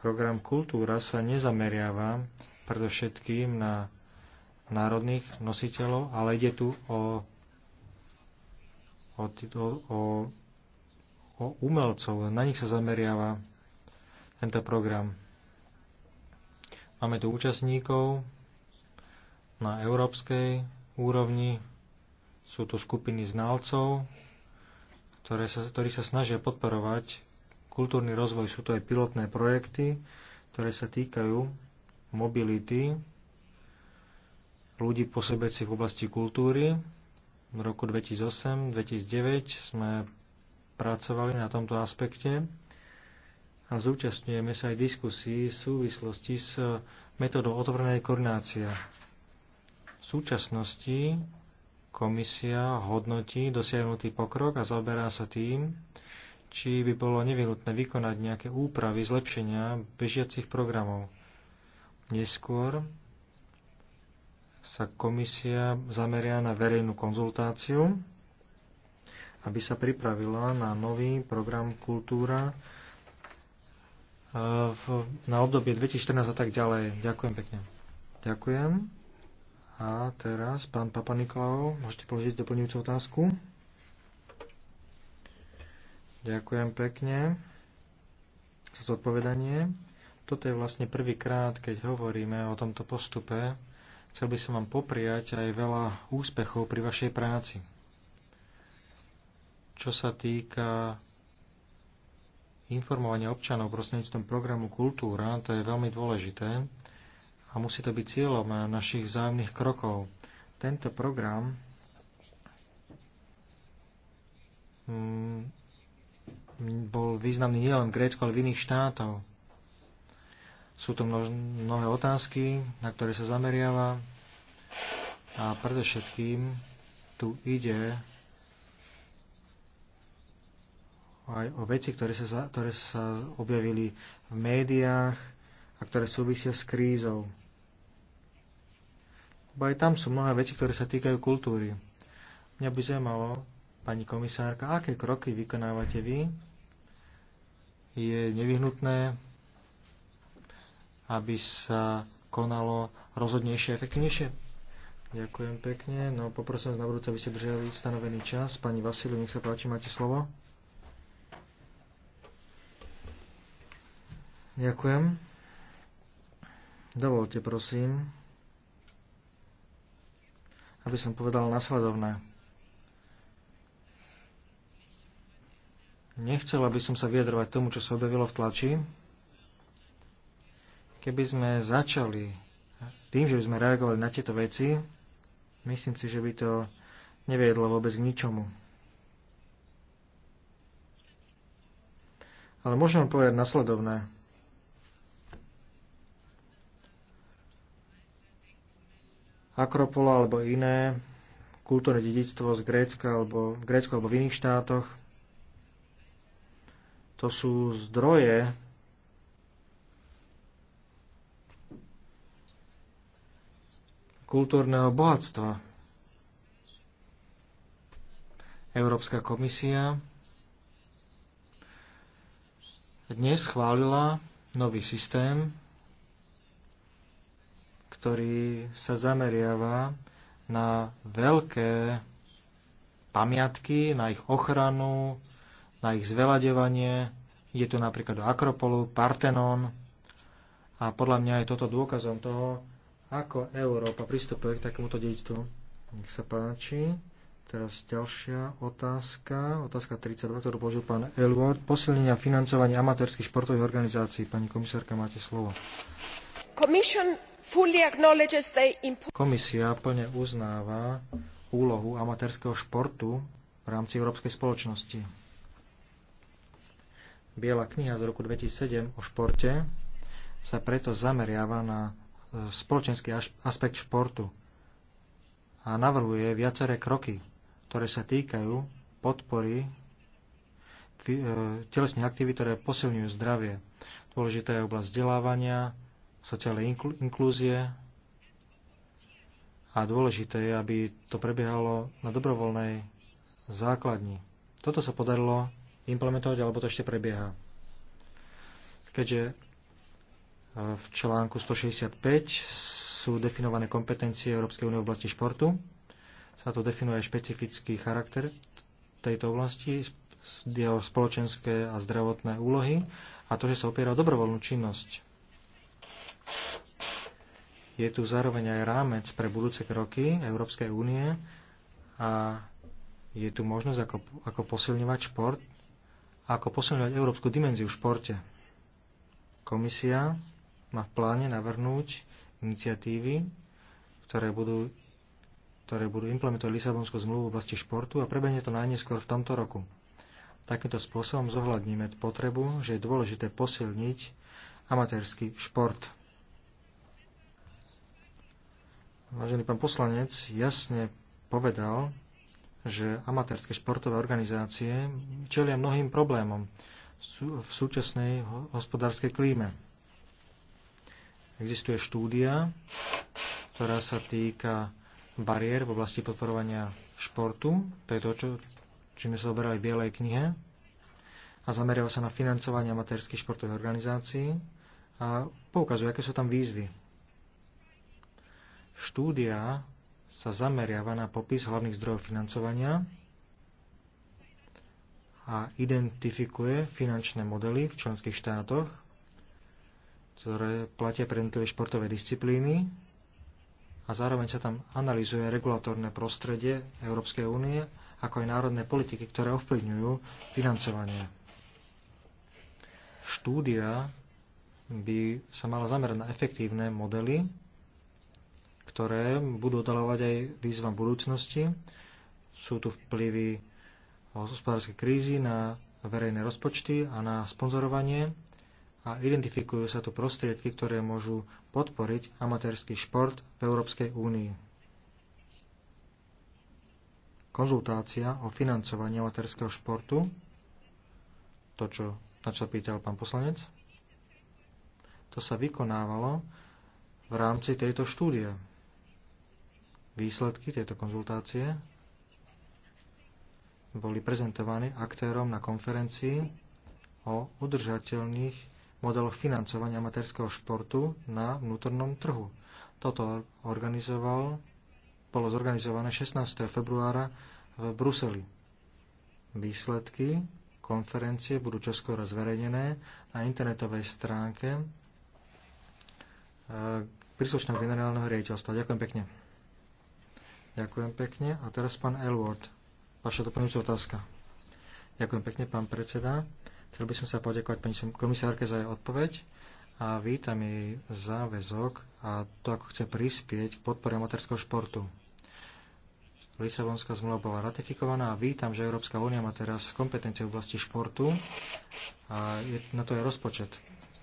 program Kultúra sa nezameriava predovšetkým na národných nositeľov, ale ide tu o, o, o, o umelcov, na nich sa zameriava tento program. Máme tu účastníkov na európskej úrovni, sú tu skupiny znalcov, ktoré sa, ktorí sa snažia podporovať kultúrny rozvoj. Sú to aj pilotné projekty, ktoré sa týkajú mobility ľudí pôsobiacich v oblasti kultúry. V roku 2008-2009 sme pracovali na tomto aspekte a zúčastňujeme sa aj diskusí v súvislosti s metodou otvorenej koordinácie. V súčasnosti komisia hodnotí dosiahnutý pokrok a zaoberá sa tým, či by bolo nevyhnutné vykonať nejaké úpravy zlepšenia bežiacich programov. Neskôr sa komisia zameria na verejnú konzultáciu, aby sa pripravila na nový program Kultúra e, na obdobie 2014 a tak ďalej. Ďakujem pekne. Ďakujem. A teraz pán Papa Nikolau, môžete položiť doplňujúcu otázku. Ďakujem pekne za zodpovedanie. Toto je vlastne prvýkrát, keď hovoríme o tomto postupe Chcel by som vám popriať aj veľa úspechov pri vašej práci. Čo sa týka informovania občanov prostredníctvom programu Kultúra, to je veľmi dôležité a musí to byť cieľom našich vzájomných krokov. Tento program mm, bol významný nielen v Grécku, ale v iných štátoch. Sú to mnohé otázky, na ktoré sa zameriava a predovšetkým tu ide aj o veci, ktoré sa, ktoré sa objavili v médiách a ktoré súvisia s krízou. Bo aj tam sú mnohé veci, ktoré sa týkajú kultúry. Mňa by zaujímalo, pani komisárka, aké kroky vykonávate vy? Je nevyhnutné aby sa konalo rozhodnejšie, a efektívnejšie? Ďakujem pekne. No poprosím vás na budúce, aby ste držali stanovený čas. Pani Vasilu, nech sa páči, máte slovo. Ďakujem. Dovolte, prosím, aby som povedal nasledovné. Nechcel, aby som sa vyjadrovať tomu, čo sa objavilo v tlači, Keby sme začali tým, že by sme reagovali na tieto veci, myslím si, že by to neviedlo vôbec k ničomu. Ale môžem povedať nasledovné. Akropola alebo iné kultúrne dedictvo z Grécka alebo v Grécku alebo v iných štátoch. To sú zdroje kultúrneho bohatstva. Európska komisia dnes schválila nový systém, ktorý sa zameriava na veľké pamiatky, na ich ochranu, na ich zveľadevanie. Je tu napríklad do Akropolu, Partenón a podľa mňa je toto dôkazom toho, ako Európa pristupuje k takémuto dedictvu? Nech sa páči. Teraz ďalšia otázka, otázka 32, ktorú položil pán Elward. Posilnenia financovania amatérských športových organizácií. Pani komisárka, máte slovo. Komisia plne uznáva úlohu amatérskeho športu v rámci európskej spoločnosti. Biela kniha z roku 2007 o športe sa preto zameriava na spoločenský aspekt športu a navrhuje viaceré kroky, ktoré sa týkajú podpory e, telesných aktivít, ktoré posilňujú zdravie. Dôležitá je oblasť vzdelávania, sociálnej inklúzie a dôležité je, aby to prebiehalo na dobrovoľnej základni. Toto sa podarilo implementovať, alebo to ešte prebieha. Keďže v článku 165 sú definované kompetencie Európskej únie v oblasti športu. Sa tu definuje špecifický charakter tejto oblasti, jeho spoločenské a zdravotné úlohy a to, že sa opiera o dobrovoľnú činnosť. Je tu zároveň aj rámec pre budúce kroky Európskej únie a je tu možnosť, ako, ako posilňovať šport, ako posilňovať európsku dimenziu v športe. Komisia má v pláne navrhnúť iniciatívy, ktoré budú, ktoré budú implementovať Lisabonskú zmluvu v oblasti športu a prebehne to najneskôr v tomto roku. Takýmto spôsobom zohľadníme potrebu, že je dôležité posilniť amatérsky šport. Vážený pán poslanec jasne povedal, že amatérske športové organizácie čelia mnohým problémom v súčasnej hospodárskej klíme. Existuje štúdia, ktorá sa týka bariér v oblasti podporovania športu. To je to, čo, čím sa zoberali v Bielej knihe. A zameriava sa na financovanie amatérských športových organizácií a poukazuje, aké sú tam výzvy. Štúdia sa zameriava na popis hlavných zdrojov financovania a identifikuje finančné modely v členských štátoch ktoré platia pre jednotlivé športové disciplíny a zároveň sa tam analizuje regulatórne prostredie Európskej únie, ako aj národné politiky, ktoré ovplyvňujú financovanie. Štúdia by sa mala zamerať na efektívne modely, ktoré budú oddalovať aj výzvam budúcnosti. Sú tu vplyvy hospodárskej krízy na verejné rozpočty a na sponzorovanie a identifikujú sa tu prostriedky, ktoré môžu podporiť amatérsky šport v Európskej únii. Konzultácia o financovaní amatérskeho športu, to, čo, na čo pýtal pán poslanec, to sa vykonávalo v rámci tejto štúdie. Výsledky tejto konzultácie boli prezentované aktérom na konferencii o udržateľných model financovania amatérskeho športu na vnútornom trhu. Toto organizoval, bolo zorganizované 16. februára v Bruseli. Výsledky konferencie budú čoskoro zverejnené na internetovej stránke eh, príslušného generálneho riaditeľstva. Ďakujem pekne. Ďakujem pekne. A teraz pán Elward. Vaša doplňujúca otázka. Ďakujem pekne, pán predseda. Chcel by som sa poďakovať pani komisárke za jej odpoveď a vítam jej záväzok a to, ako chce prispieť k podpore amatérskeho športu. Lisabonská zmluva bola ratifikovaná a vítam, že Európska únia má teraz kompetencie v oblasti športu a je, na to je rozpočet.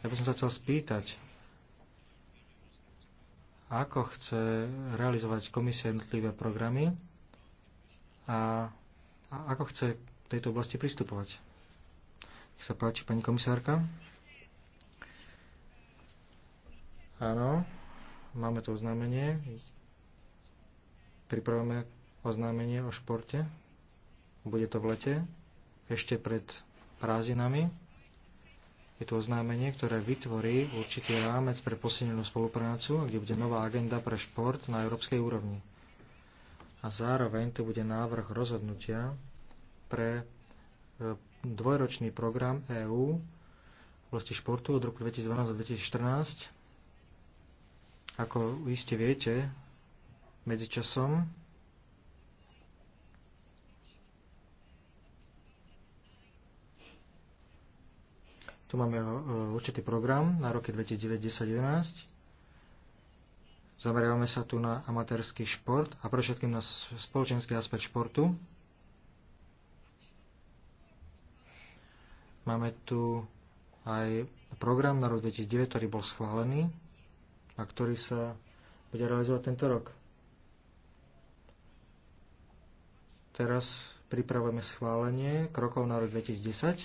Ja by som sa chcel spýtať, ako chce realizovať komisia jednotlivé programy a, a ako chce k tejto oblasti pristupovať. Nech sa páči, pani komisárka. Áno, máme tu oznámenie. Pripravujeme oznámenie o športe. Bude to v lete, ešte pred prázdninami. Je to oznámenie, ktoré vytvorí určitý rámec pre posilnenú spoluprácu, kde bude nová agenda pre šport na európskej úrovni. A zároveň tu bude návrh rozhodnutia pre e, dvojročný program EÚ v oblasti športu od roku 2012 do 2014. Ako iste viete, medzičasom Tu máme e, určitý program na roky 2009-2011. Zameriavame sa tu na amatérsky šport a pre všetkým na spoločenský aspekt športu. Máme tu aj program na rok 2009, ktorý bol schválený a ktorý sa bude realizovať tento rok. Teraz pripravujeme schválenie krokov na rok 2010.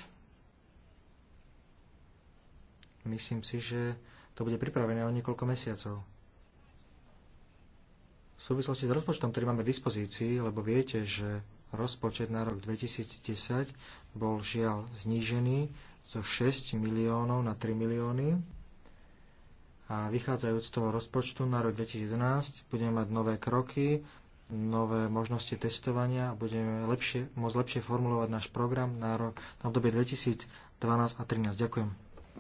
Myslím si, že to bude pripravené o niekoľko mesiacov. V súvislosti s rozpočtom, ktorý máme v dispozícii, lebo viete, že rozpočet na rok 2010 bol žiaľ znížený zo 6 miliónov na 3 milióny a vychádzajúc z toho rozpočtu na rok 2011 budeme mať nové kroky, nové možnosti testovania a budeme lepšie, môcť lepšie formulovať náš program na, rok, na obdobie 2012 a 2013. Ďakujem.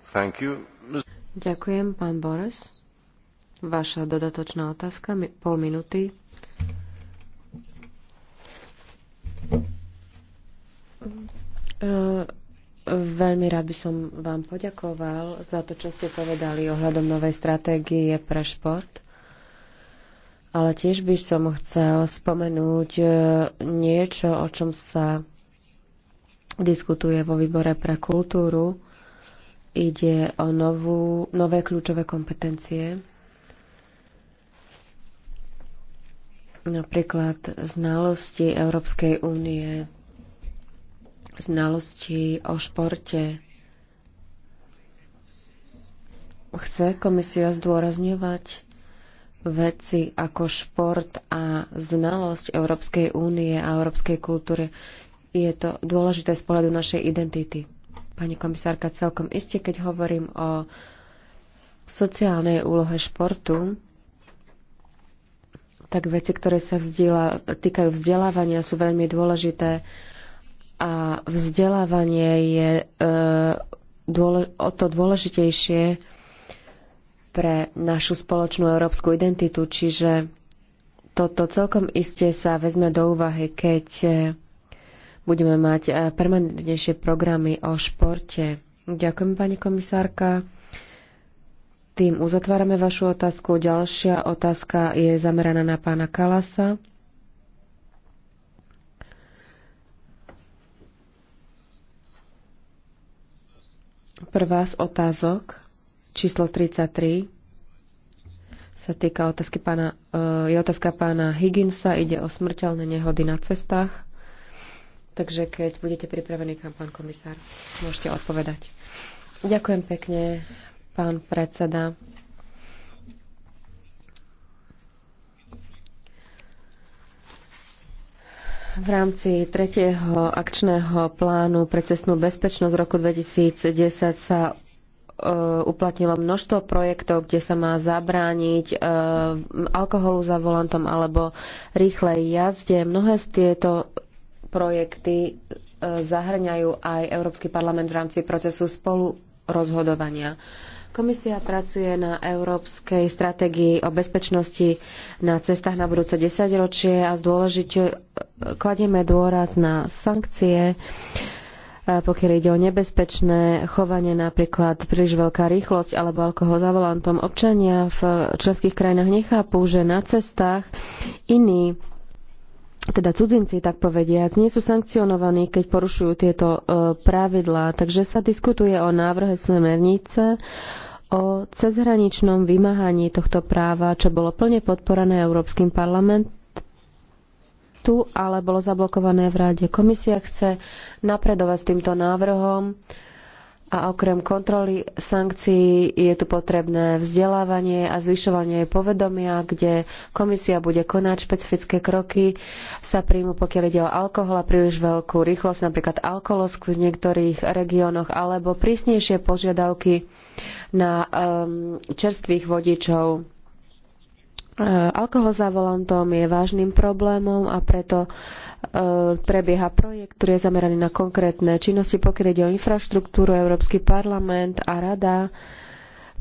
Thank you. Ďakujem, pán Boris. Vaša dodatočná otázka, pol minúty. Ehm, veľmi rád by som vám poďakoval za to, čo ste povedali ohľadom novej stratégie pre šport. Ale tiež by som chcel spomenúť ehm, niečo, o čom sa diskutuje vo výbore pre kultúru. Ide o novú, nové kľúčové kompetencie napríklad znalosti Európskej únie, znalosti o športe. Chce komisia zdôrazňovať veci ako šport a znalosť Európskej únie a európskej kultúry. Je to dôležité z pohľadu našej identity. Pani komisárka, celkom iste, keď hovorím o sociálnej úlohe športu, tak veci, ktoré sa vzdiela, týkajú vzdelávania, sú veľmi dôležité. A vzdelávanie je e, o to dôležitejšie pre našu spoločnú európsku identitu, čiže toto celkom iste sa vezme do úvahy, keď e, budeme mať e, permanentnejšie programy o športe. Ďakujem, pani komisárka. Tým uzatvárame vašu otázku. Ďalšia otázka je zameraná na pána Kalasa. Prvá z otázok, číslo 33, sa týka otázky pána, e, je otázka pána Higginsa, ide o smrteľné nehody na cestách. Takže keď budete pripravení, pán komisár, môžete odpovedať. Ďakujem pekne, pán predseda. V rámci tretieho akčného plánu pre cestnú bezpečnosť v roku 2010 sa e, uplatnilo množstvo projektov, kde sa má zabrániť e, alkoholu za volantom alebo rýchlej jazde. Mnohé z tieto projekty e, zahrňajú aj Európsky parlament v rámci procesu spolu rozhodovania. Komisia pracuje na európskej stratégii o bezpečnosti na cestách na budúce desaťročie a zdôležite kladieme dôraz na sankcie, e, pokiaľ ide o nebezpečné chovanie, napríklad príliš veľká rýchlosť alebo alkohol za volantom. Občania v členských krajinách nechápu, že na cestách iní teda cudzinci, tak povediac, nie sú sankcionovaní, keď porušujú tieto e, pravidlá. Takže sa diskutuje o návrhe smernice o cezhraničnom vymáhaní tohto práva, čo bolo plne podporené Európskym parlamentom ale bolo zablokované v rade. Komisia chce napredovať s týmto návrhom a okrem kontroly sankcií je tu potrebné vzdelávanie a zvyšovanie povedomia, kde komisia bude konať špecifické kroky, sa príjmu, pokiaľ ide o alkohol a príliš veľkú rýchlosť, napríklad alkoholosku v niektorých regiónoch, alebo prísnejšie požiadavky na um, čerstvých vodičov. Uh, alkohol za volantom je vážnym problémom a preto uh, E, prebieha projekt, ktorý je zameraný na konkrétne činnosti, pokiaľ ide o infraštruktúru, Európsky parlament a rada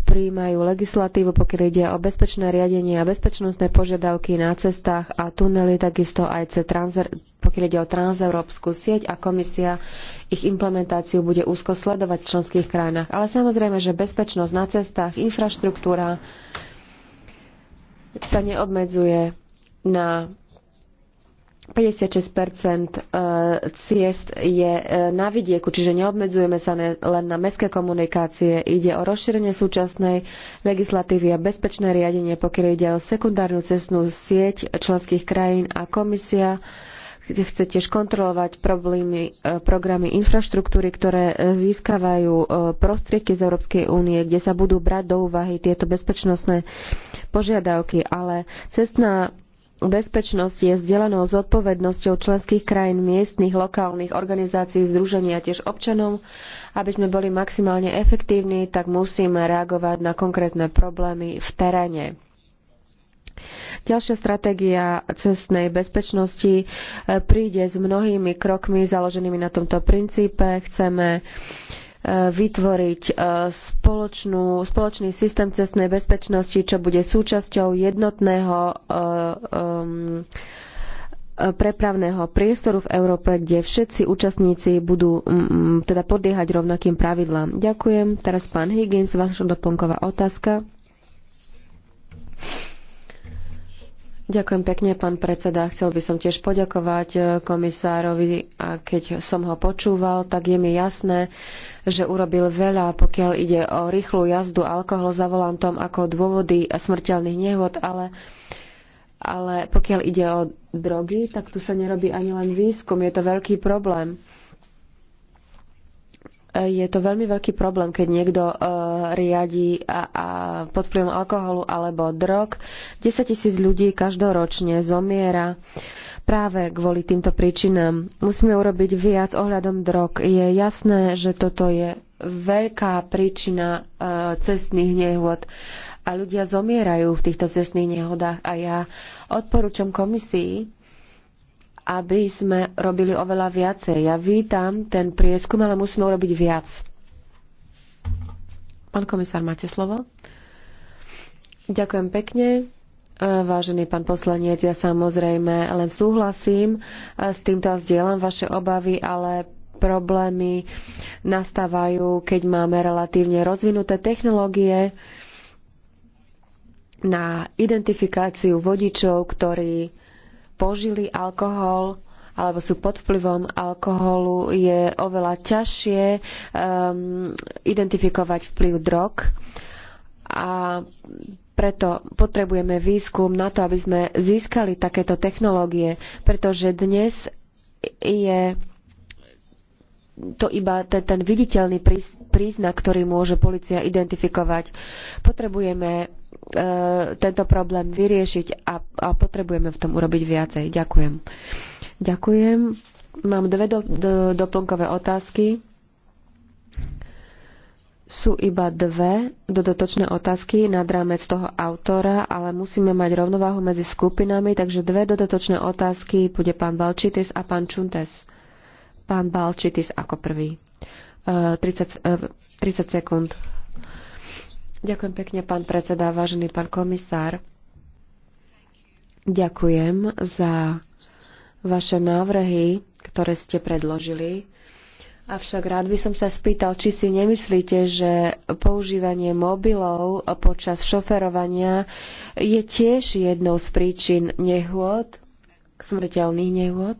prijímajú legislatívu, pokiaľ ide o bezpečné riadenie a bezpečnostné požiadavky na cestách a tunely, takisto aj ce transer, pokiaľ ide o transeurópsku sieť a komisia ich implementáciu bude úzko sledovať v členských krajinách. Ale samozrejme, že bezpečnosť na cestách, infraštruktúra sa neobmedzuje na 56 e, ciest je e, na vidieku, čiže neobmedzujeme sa len na mestské komunikácie. Ide o rozšírenie súčasnej legislatívy a bezpečné riadenie, pokiaľ ide o sekundárnu cestnú sieť členských krajín a komisia chce tiež kontrolovať problémy, e, programy infraštruktúry, ktoré získavajú prostriedky z Európskej únie, kde sa budú brať do úvahy tieto bezpečnostné požiadavky, ale cestná Bezpečnosť je vzdelanou zodpovednosťou členských krajín, miestnych, lokálnych organizácií, združenia tiež občanom. Aby sme boli maximálne efektívni, tak musíme reagovať na konkrétne problémy v teréne. Ďalšia stratégia cestnej bezpečnosti e, príde s mnohými krokmi založenými na tomto princípe. Chceme vytvoriť e, spoločnú, spoločný systém cestnej bezpečnosti, čo bude súčasťou jednotného e, e, prepravného priestoru v Európe, kde všetci účastníci budú teda podliehať rovnakým pravidlám. Ďakujem. Teraz pán Higgins, vaša doplnková otázka. Ďakujem pekne, pán predseda. Chcel by som tiež poďakovať e, komisárovi a keď som ho počúval, tak je mi jasné, že urobil veľa, pokiaľ ide o rýchlu jazdu alkohol za volantom ako dôvody smrteľných nehôd, ale, ale pokiaľ ide o drogy, tak tu sa nerobí ani len výskum. Je to veľký problém je to veľmi veľký problém, keď niekto e, riadi a, a pod vplyvom alkoholu alebo drog. 10 tisíc ľudí každoročne zomiera práve kvôli týmto príčinám. Musíme urobiť viac ohľadom drog. Je jasné, že toto je veľká príčina e, cestných nehôd a ľudia zomierajú v týchto cestných nehodách a ja odporúčam komisii, aby sme robili oveľa viacej. Ja vítam ten prieskum, ale musíme urobiť viac. Pán komisár, máte slovo? Ďakujem pekne. E, vážený pán poslanec, ja samozrejme len súhlasím e, s týmto a zdieľam vaše obavy, ale problémy nastávajú, keď máme relatívne rozvinuté technológie na identifikáciu vodičov, ktorí požili alkohol alebo sú pod vplyvom alkoholu, je oveľa ťažšie um, identifikovať vplyv drog a preto potrebujeme výskum na to, aby sme získali takéto technológie, pretože dnes je to iba ten, ten viditeľný príznak, ktorý môže policia identifikovať. Potrebujeme E, tento problém vyriešiť a, a potrebujeme v tom urobiť viacej. Ďakujem. Ďakujem. Mám dve do, do, doplnkové otázky. Sú iba dve dodatočné otázky nad rámec toho autora, ale musíme mať rovnováhu medzi skupinami, takže dve dodatočné otázky bude pán Balčitis a pán Čuntes. Pán Balčitis ako prvý. 30, e, 30 e, sekúnd. Ďakujem pekne, pán predseda, vážený pán komisár. Ďakujem za vaše návrhy, ktoré ste predložili. Avšak rád by som sa spýtal, či si nemyslíte, že používanie mobilov počas šoferovania je tiež jednou z príčin nehôd, smrteľných nehôd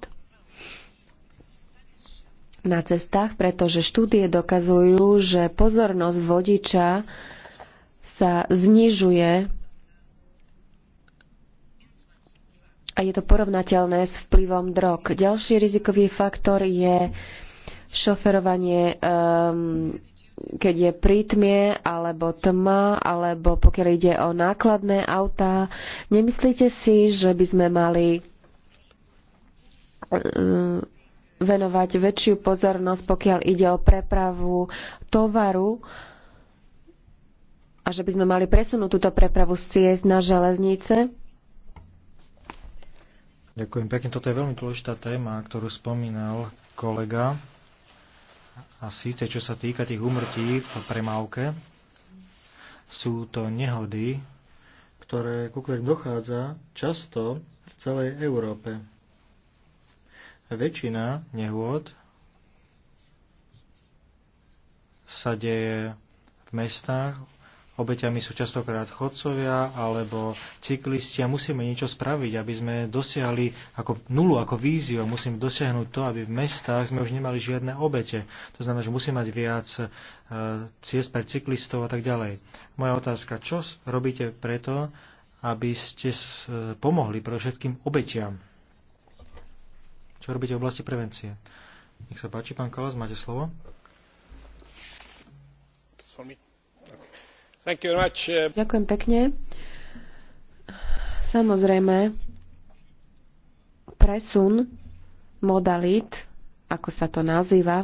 na cestách, pretože štúdie dokazujú, že pozornosť vodiča sa znižuje a je to porovnateľné s vplyvom drog. Ďalší rizikový faktor je šoferovanie, um, keď je prítmie, alebo tma, alebo pokiaľ ide o nákladné autá. Nemyslíte si, že by sme mali ehm, venovať väčšiu pozornosť, pokiaľ ide o prepravu tovaru, uh, a že by sme mali presunúť túto prepravu z ciest na železnice? Ďakujem pekne. Toto je veľmi dôležitá téma, ktorú spomínal kolega. A síce, čo sa týka tých umrtí v premávke, sú to nehody, ktoré, ku ktorým dochádza často v celej Európe. Väčšina nehôd sa deje v mestách, Obeťami sú častokrát chodcovia alebo cyklisti a musíme niečo spraviť, aby sme dosiahli ako nulu, ako víziu. Musíme dosiahnuť to, aby v mestách sme už nemali žiadne obete. To znamená, že musíme mať viac e, ciest pre cyklistov a tak ďalej. Moja otázka, čo robíte preto, aby ste pomohli pre všetkým obetiam? Čo robíte v oblasti prevencie? Nech sa páči, pán Kalas, máte slovo. Uh, Ďakujem pekne. Samozrejme, presun modalit, ako sa to nazýva,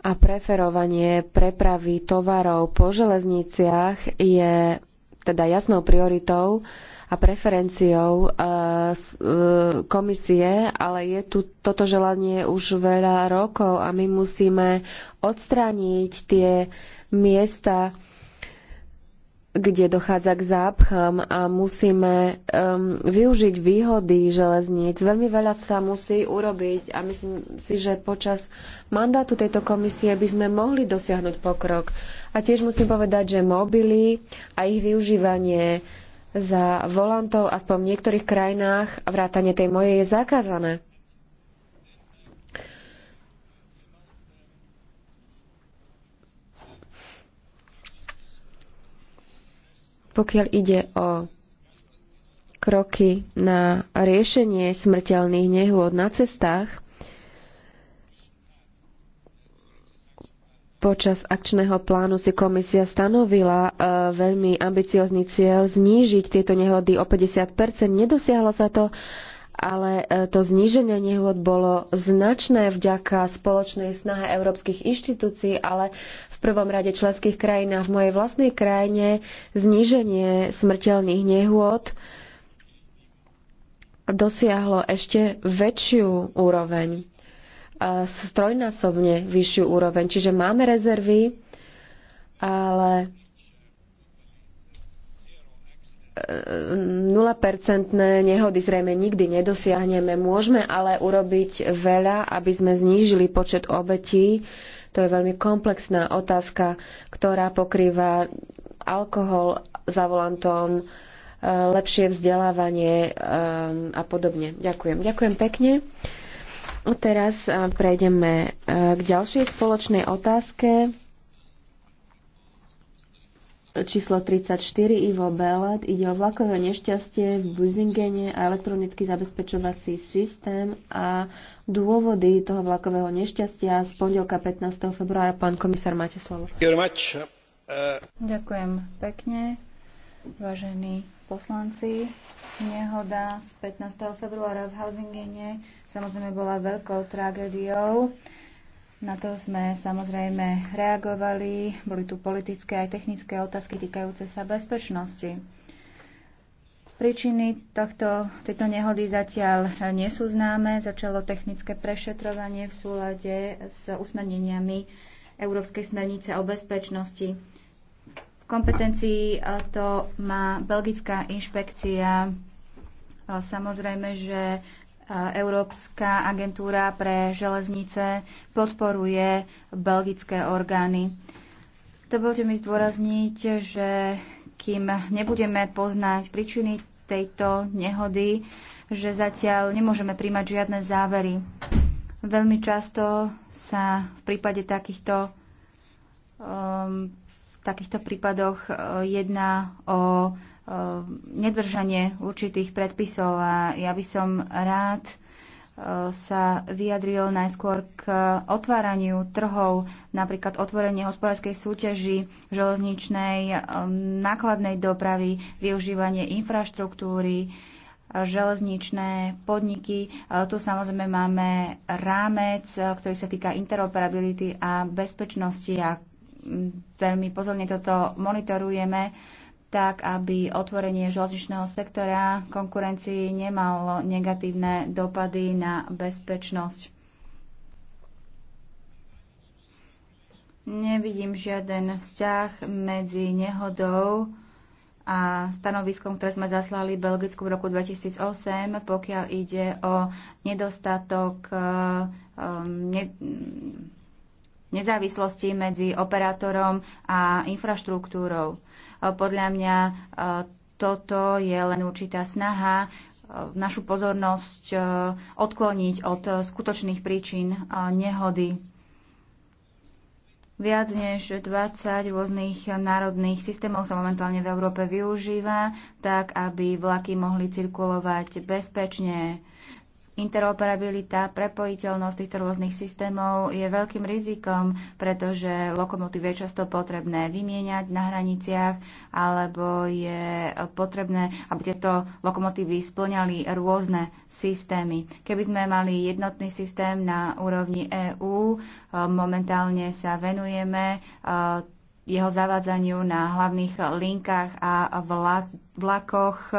a preferovanie prepravy tovarov po železniciach je teda jasnou prioritou a preferenciou uh, uh, komisie, ale je tu toto želanie už veľa rokov a my musíme odstrániť tie miesta, kde dochádza k zápchám a musíme um, využiť výhody železníc. Veľmi veľa sa musí urobiť a myslím si, že počas mandátu tejto komisie by sme mohli dosiahnuť pokrok. A tiež musím povedať, že mobily a ich využívanie za volantov aspoň v niektorých krajinách vrátane tej mojej je zakázané. Pokiaľ ide o kroky na riešenie smrteľných nehôd na cestách, Počas akčného plánu si komisia stanovila e, veľmi ambiciózny cieľ znížiť tieto nehody o 50 Nedosiahlo sa to, ale e, to zníženie nehôd bolo značné vďaka spoločnej snahe európskych inštitúcií, ale v prvom rade členských krajín a v mojej vlastnej krajine zníženie smrteľných nehôd dosiahlo ešte väčšiu úroveň, e, strojnásobne vyššiu úroveň. Čiže máme rezervy, ale 0% nehody zrejme nikdy nedosiahneme. Môžeme ale urobiť veľa, aby sme znížili počet obetí. To je veľmi komplexná otázka, ktorá pokrýva alkohol za volantom, eh, lepšie vzdelávanie eh, a podobne. Ďakujem. Ďakujem pekne. Teraz eh, prejdeme k ďalšej spoločnej otázke číslo 34 Ivo Belet. Ide o vlakové nešťastie v Buzingene a elektronický zabezpečovací systém a dôvody toho vlakového nešťastia z pondelka 15. februára. Pán komisár, máte slovo. Uh, Ďakujem pekne, vážení poslanci. Nehoda z 15. februára v Housingene samozrejme bola veľkou tragédiou. Na to sme samozrejme reagovali. Boli tu politické aj technické otázky týkajúce sa bezpečnosti. Príčiny tohto, tejto nehody zatiaľ nie sú známe. Začalo technické prešetrovanie v súlade s usmerneniami Európskej smernice o bezpečnosti. V kompetencii to má Belgická inšpekcia. Samozrejme, že Európska agentúra pre železnice podporuje belgické orgány. budete mi zdôrazniť, že kým nebudeme poznať príčiny tejto nehody, že zatiaľ nemôžeme príjmať žiadne závery. Veľmi často sa v prípade takýchto, um, v takýchto prípadoch uh, jedná o Eh, nedržanie určitých predpisov a ja by som rád eh, sa vyjadril najskôr k otváraniu trhov, napríklad otvorenie hospodárskej súťaži železničnej, eh, nákladnej dopravy, využívanie infraštruktúry, železničné podniky. Tu samozrejme máme rámec, ktorý sa týka interoperability a bezpečnosti a mm, veľmi pozorne toto monitorujeme tak aby otvorenie železničného sektora konkurencii nemalo negatívne dopady na bezpečnosť. Nevidím žiaden vzťah medzi nehodou a stanoviskom, ktoré sme zaslali Belgicku v roku 2008, pokiaľ ide o nedostatok um, ne, nezávislosti medzi operátorom a infraštruktúrou. E, podľa mňa e, toto je len určitá snaha e, našu pozornosť odkloniť od skutočných príčin nehody. Viac než 20 rôznych národných systémov sa momentálne v Európe využíva, tak aby vlaky mohli cirkulovať bezpečne, Interoperabilita, prepojiteľnosť týchto rôznych systémov je veľkým rizikom, pretože lokomotívy je často potrebné vymieňať na hraniciach, alebo je potrebné, aby tieto lokomotívy splňali rôzne systémy. Keby sme mali jednotný systém na úrovni EÚ, e, momentálne sa venujeme e, jeho zavádzaniu na hlavných linkách a vlakoch e,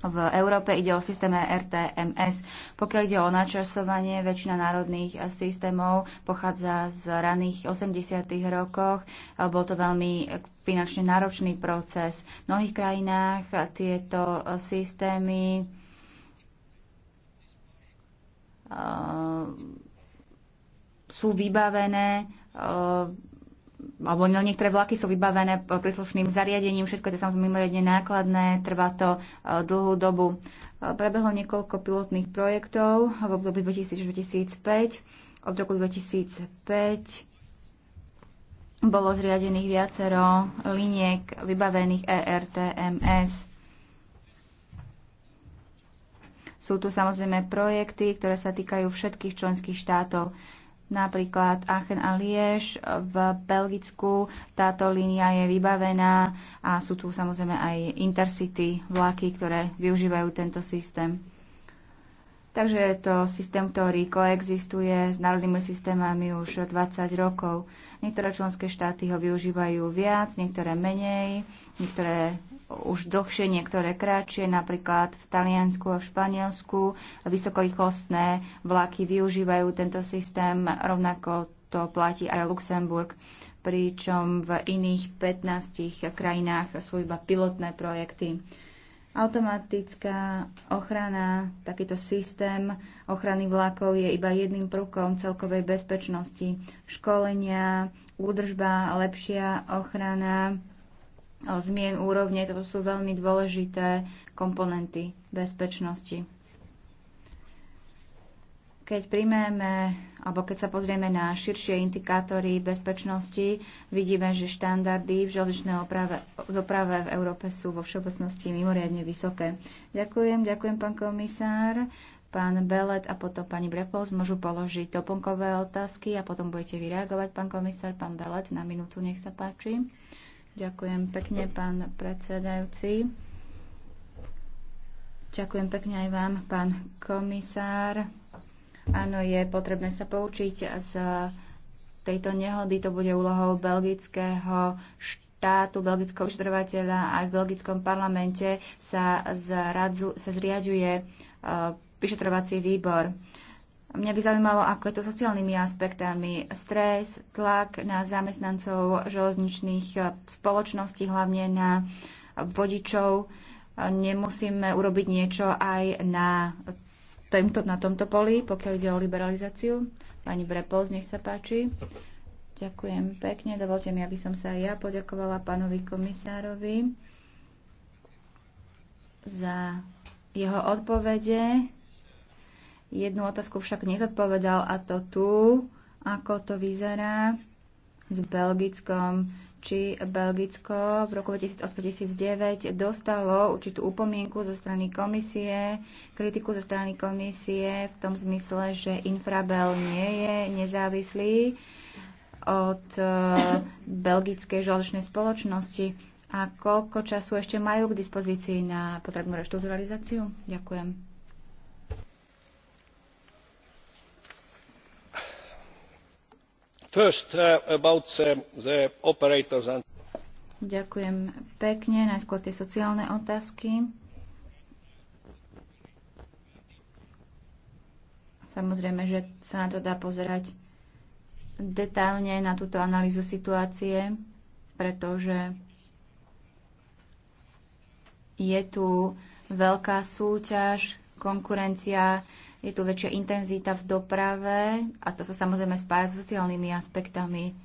v Európe ide o systéme RTMS. Pokiaľ ide o načasovanie, väčšina národných systémov pochádza z raných 80. rokoch. Bol to veľmi finančne náročný proces. V mnohých krajinách tieto systémy eh, sú vybavené eh, alebo no, niektoré vlaky sú vybavené príslušným zariadením, všetko je to samozrejme mimoriadne nákladné, trvá to e, dlhú dobu. E, prebehlo niekoľko pilotných projektov v období 2000-2005. Od roku 2005 bolo zriadených viacero liniek vybavených ERTMS. Sú tu samozrejme projekty, ktoré sa týkajú všetkých členských štátov napríklad Aachen a Liež v Belgicku. Táto línia je vybavená a sú tu samozrejme aj intercity vlaky, ktoré využívajú tento systém. Takže je to systém, ktorý koexistuje s národnými systémami už 20 rokov. Niektoré členské štáty ho využívajú viac, niektoré menej, niektoré už dlhšie, niektoré kratšie, napríklad v Taliansku a v Španielsku. Vysokorýchlostné vlaky využívajú tento systém, rovnako to platí aj Luxemburg, pričom v iných 15 krajinách sú iba pilotné projekty. Automatická ochrana, takýto systém ochrany vlakov je iba jedným prvkom celkovej bezpečnosti. Školenia, údržba, lepšia ochrana zmien úrovne. Toto sú veľmi dôležité komponenty bezpečnosti. Keď príjmeme, alebo keď sa pozrieme na širšie indikátory bezpečnosti, vidíme, že štandardy v železničnej doprave v Európe sú vo všeobecnosti mimoriadne vysoké. Ďakujem, ďakujem, pán komisár pán Belet a potom pani Brepols môžu položiť doplnkové otázky a potom budete vyreagovať, pán komisár, pán Belet, na minútu, nech sa páči. Ďakujem pekne, pán predsedajúci. Ďakujem pekne aj vám, pán komisár. Áno, je potrebné sa poučiť z tejto nehody. To bude úlohou belgického štátu, belgického uštrovateľa. Aj v belgickom parlamente sa, zradzu, sa zriaďuje e, vyšetrovací výbor. Uh, Mňa by zaujímalo, ako je to sociálnymi aspektami. Stres, tlak na zamestnancov železničných e, spoločností, hlavne na vodičov. E, nemusíme urobiť niečo aj na tomto, na tomto poli, pokiaľ ide o liberalizáciu. Pani Brepol, nech sa páči. Ďakujem pekne. Dovolte mi, aby som sa aj ja poďakovala pánovi komisárovi za jeho odpovede Jednu otázku však nezodpovedal a to tu, ako to vyzerá s Belgickom, či Belgicko v roku 2008-2009 dostalo určitú upomienku zo strany komisie, kritiku zo strany komisie v tom zmysle, že Infrabel nie je nezávislý od e, belgickej železničnej spoločnosti. A koľko času ešte majú k dispozícii na potrebnú reštrukturalizáciu? Ďakujem. Uh, uh, Ďakujem pekne. Najskôr tie sociálne otázky. Samozrejme, že sa na to dá pozerať detálne na túto analýzu situácie, pretože je tu veľká súťaž, konkurencia, je tu väčšia intenzita v doprave a to sa samozrejme spája s sociálnymi aspektami.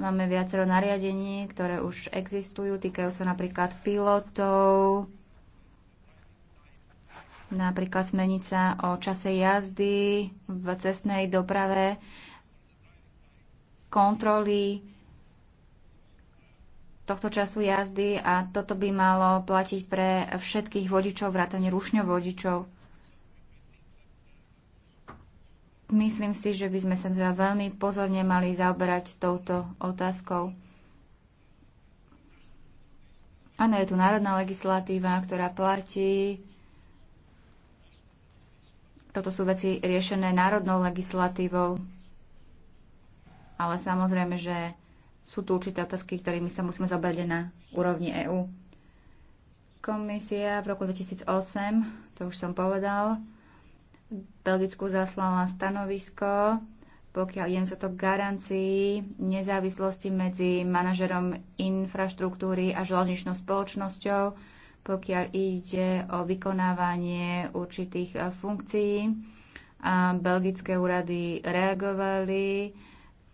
Máme viacero nariadení, ktoré už existujú, týkajú sa napríklad pilotov, napríklad smenica o čase jazdy v cestnej doprave, kontroly tohto času jazdy a toto by malo platiť pre všetkých vodičov, vrátane rušňovodičov. Myslím si, že by sme sa teda veľmi pozorne mali zaoberať touto otázkou. Áno, je tu národná legislatíva, ktorá platí. Toto sú veci riešené národnou legislatívou. Ale samozrejme, že sú tu určité otázky, ktorými sa musíme zaoberať na úrovni EÚ. Komisia v roku 2008, to už som povedal, Belgicku zaslala stanovisko, pokiaľ idem sa to garancii nezávislosti medzi manažerom infraštruktúry a železničnou spoločnosťou, pokiaľ ide o vykonávanie určitých eh, funkcií. A belgické úrady reagovali,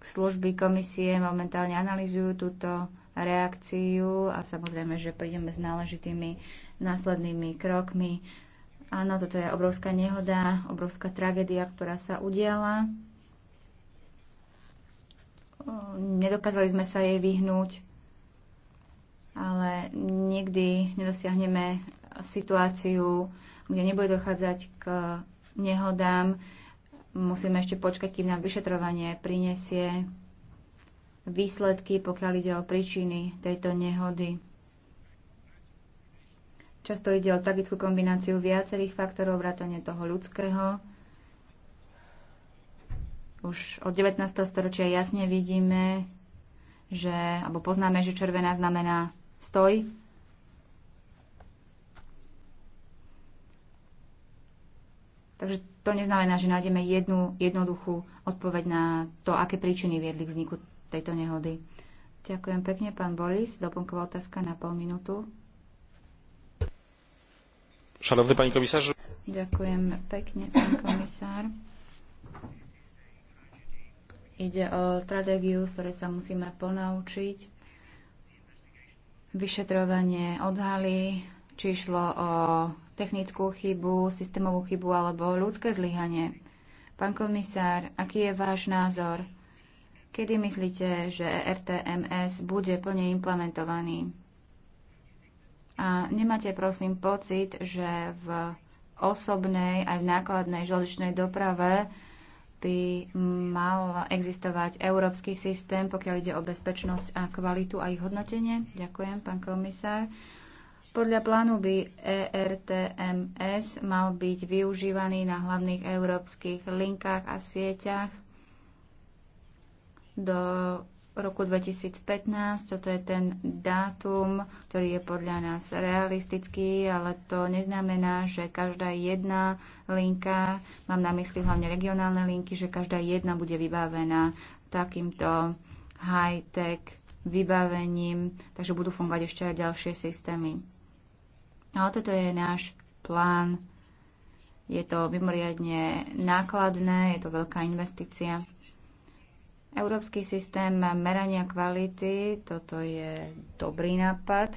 služby komisie momentálne analizujú túto reakciu a samozrejme, že prídeme s náležitými následnými krokmi Áno, toto je obrovská nehoda, obrovská tragédia, ktorá sa udiala. Nedokázali sme sa jej vyhnúť, ale nikdy nedosiahneme situáciu, kde nebude dochádzať k nehodám. Musíme ešte počkať, kým nám vyšetrovanie prinesie výsledky, pokiaľ ide o príčiny tejto nehody. Často ide o tragickú kombináciu viacerých faktorov, vrátane toho ľudského. Už od 19. storočia jasne vidíme, že, alebo poznáme, že červená znamená stoj. Takže to neznamená, že nájdeme jednu jednoduchú odpoveď na to, aké príčiny viedli k vzniku tejto nehody. Ďakujem pekne, pán Boris. Doplnková otázka na pol minútu panie komisarzu. Ďakujem pekne, pán komisár. Ide o stratégiu, z ktorej sa musíme ponaučiť. Vyšetrovanie odhalí, či šlo o technickú chybu, systémovú chybu alebo ľudské zlyhanie. Pán komisár, aký je váš názor? Kedy myslíte, že RTMS bude plne implementovaný? A nemáte prosím pocit, že v osobnej aj v nákladnej železničnej doprave by mal existovať európsky systém, pokiaľ ide o bezpečnosť a kvalitu a ich hodnotenie? Ďakujem, pán komisár. Podľa plánu by ERTMS mal byť využívaný na hlavných európskych linkách a sieťach do roku 2015. Toto je ten dátum, ktorý je podľa nás realistický, ale to neznamená, že každá jedna linka, mám na mysli hlavne regionálne linky, že každá jedna bude vybavená takýmto high-tech vybavením, takže budú fungovať ešte aj ďalšie systémy. Ale toto je náš plán. Je to mimoriadne nákladné, je to veľká investícia. Európsky systém merania kvality, toto je dobrý nápad.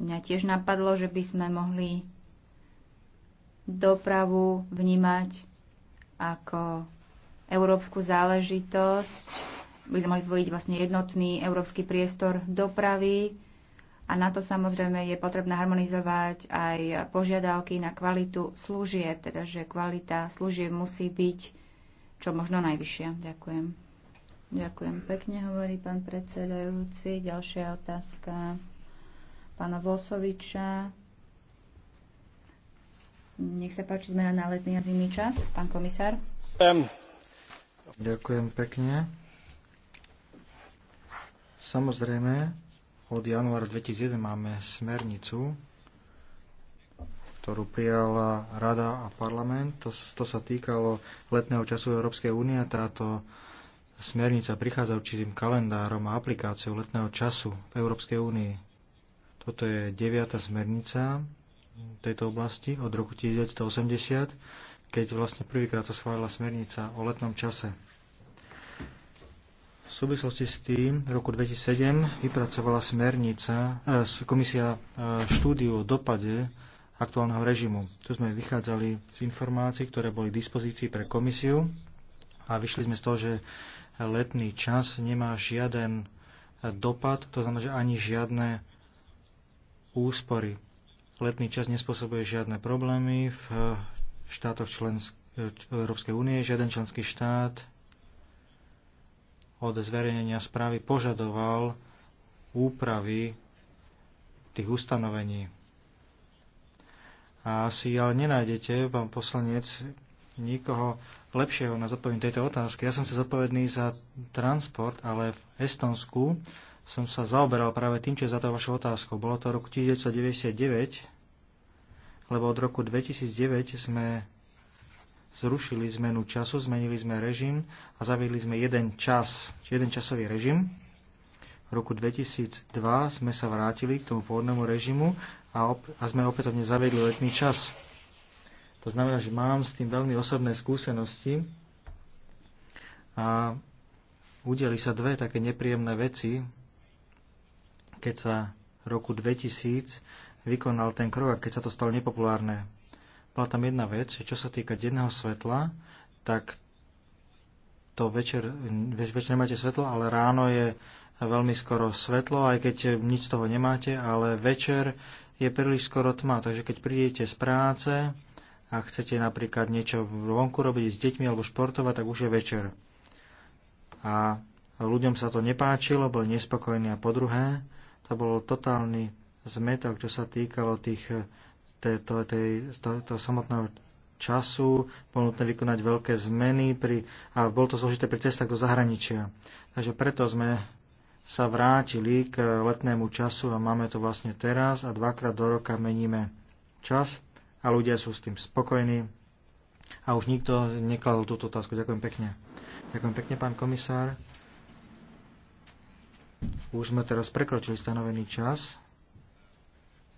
Mňa tiež napadlo, že by sme mohli dopravu vnímať ako európsku záležitosť. By sme mohli tvoriť vlastne jednotný európsky priestor dopravy a na to samozrejme je potrebné harmonizovať aj požiadavky na kvalitu služieb, teda že kvalita služieb musí byť čo možno najvyššia. Ďakujem. Ďakujem pekne, hovorí pán predsedajúci. Ďalšia otázka pána Vosoviča. Nech sa páči zmena na letný a zimný čas. Pán komisár. Ďakujem pekne. Samozrejme, od januára 2001 máme smernicu, ktorú prijala Rada a parlament. To, to sa týkalo letného času Európskej únie. Táto smernica prichádza určitým kalendárom a aplikáciou letného času v Európskej únii. Toto je deviata smernica tejto oblasti od roku 1980, keď vlastne prvýkrát sa schválila smernica o letnom čase. V súvislosti s tým v roku 2007 vypracovala smernica, eh, komisia eh, štúdiu o dopade aktuálneho režimu. Tu sme vychádzali z informácií, ktoré boli k dispozícii pre komisiu a vyšli sme z toho, že letný čas nemá žiaden e, dopad, to znamená, že ani žiadne úspory. Letný čas nespôsobuje žiadne problémy v e, štátoch člensk- e, Európskej únie, žiaden členský štát od zverejnenia správy požadoval úpravy tých ustanovení. A asi ale nenájdete, pán poslanec, nikoho lepšieho na zodpovedň tejto otázky. Ja som sa zodpovedný za transport, ale v Estonsku som sa zaoberal práve tým, čo je za to vašou otázkou. Bolo to roku 1999, lebo od roku 2009 sme zrušili zmenu času, zmenili sme režim a zaviedli sme jeden čas, či jeden časový režim. V roku 2002 sme sa vrátili k tomu pôvodnému režimu a, op- a sme opätovne zaviedli letný čas. To znamená, že mám s tým veľmi osobné skúsenosti a udeli sa dve také nepríjemné veci, keď sa v roku 2000 vykonal ten krok a keď sa to stalo nepopulárne bola tam jedna vec, čo sa týka denného svetla, tak to večer, večer nemáte svetlo, ale ráno je veľmi skoro svetlo, aj keď nič z toho nemáte, ale večer je príliš skoro tma, takže keď prídete z práce a chcete napríklad niečo vonku robiť s deťmi alebo športovať, tak už je večer. A ľuďom sa to nepáčilo, boli nespokojní a po druhé, to bol totálny zmetok, čo sa týkalo tých tejto, tej, tohto samotného času, bolo nutné vykonať veľké zmeny pri, a bolo to zložité pri cestách do zahraničia. Takže preto sme sa vrátili k letnému času a máme to vlastne teraz a dvakrát do roka meníme čas a ľudia sú s tým spokojní a už nikto nekladol túto otázku. Ďakujem pekne. Ďakujem pekne, pán komisár. Už sme teraz prekročili stanovený čas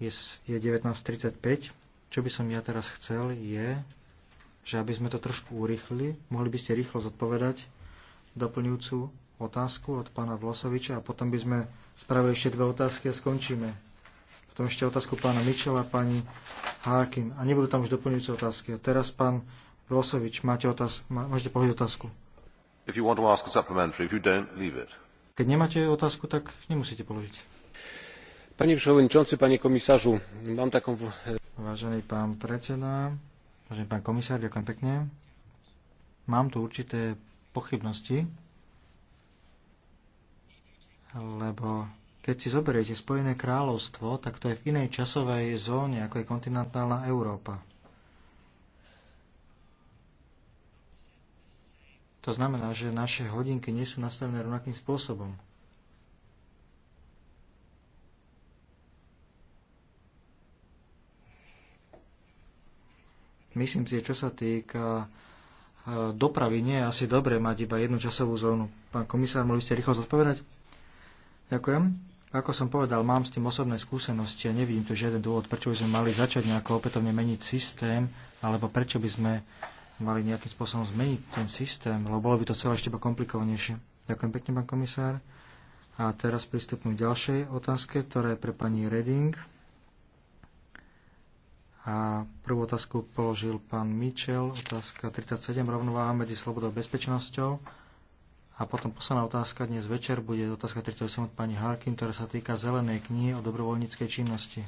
je, je 19.35. Čo by som ja teraz chcel je, že aby sme to trošku urýchli, mohli by ste rýchlo zodpovedať doplňujúcu otázku od pána Vlosoviča a potom by sme spravili ešte dve otázky a skončíme. Potom ešte otázku pána Mičela, pani Hákin. A nebudú tam už doplňujúce otázky. A teraz pán Vlosovič, máte otáz- môžete položiť otázku. Keď nemáte otázku, tak nemusíte položiť. Panie przewodniczący, panie komisarzu, mám taką... Vážený pán predseda, vážený pán komisár, ďakujem pekne. Mám tu určité pochybnosti, lebo keď si zoberiete Spojené kráľovstvo, tak to je v inej časovej zóne, ako je kontinentálna Európa. To znamená, že naše hodinky nie sú nastavené rovnakým spôsobom. Myslím si, čo sa týka e, dopravy, nie je asi dobré mať iba jednu časovú zónu. Pán komisár, mohli ste rýchlo zodpovedať? Ďakujem. Ako som povedal, mám s tým osobné skúsenosti a nevidím tu žiaden dôvod, prečo by sme mali začať nejako opätovne meniť systém, alebo prečo by sme mali nejakým spôsobom zmeniť ten systém, lebo bolo by to celé ešte komplikovanejšie. Ďakujem pekne, pán komisár. A teraz pristupujem k ďalšej otázke, ktorá je pre pani Reding. A prvú otázku položil pán Mitchell, otázka 37, rovnováha medzi slobodou a bezpečnosťou. A potom posledná otázka dnes večer bude otázka 38 od pani Harkin, ktorá sa týka zelenej knihy o dobrovoľníckej činnosti.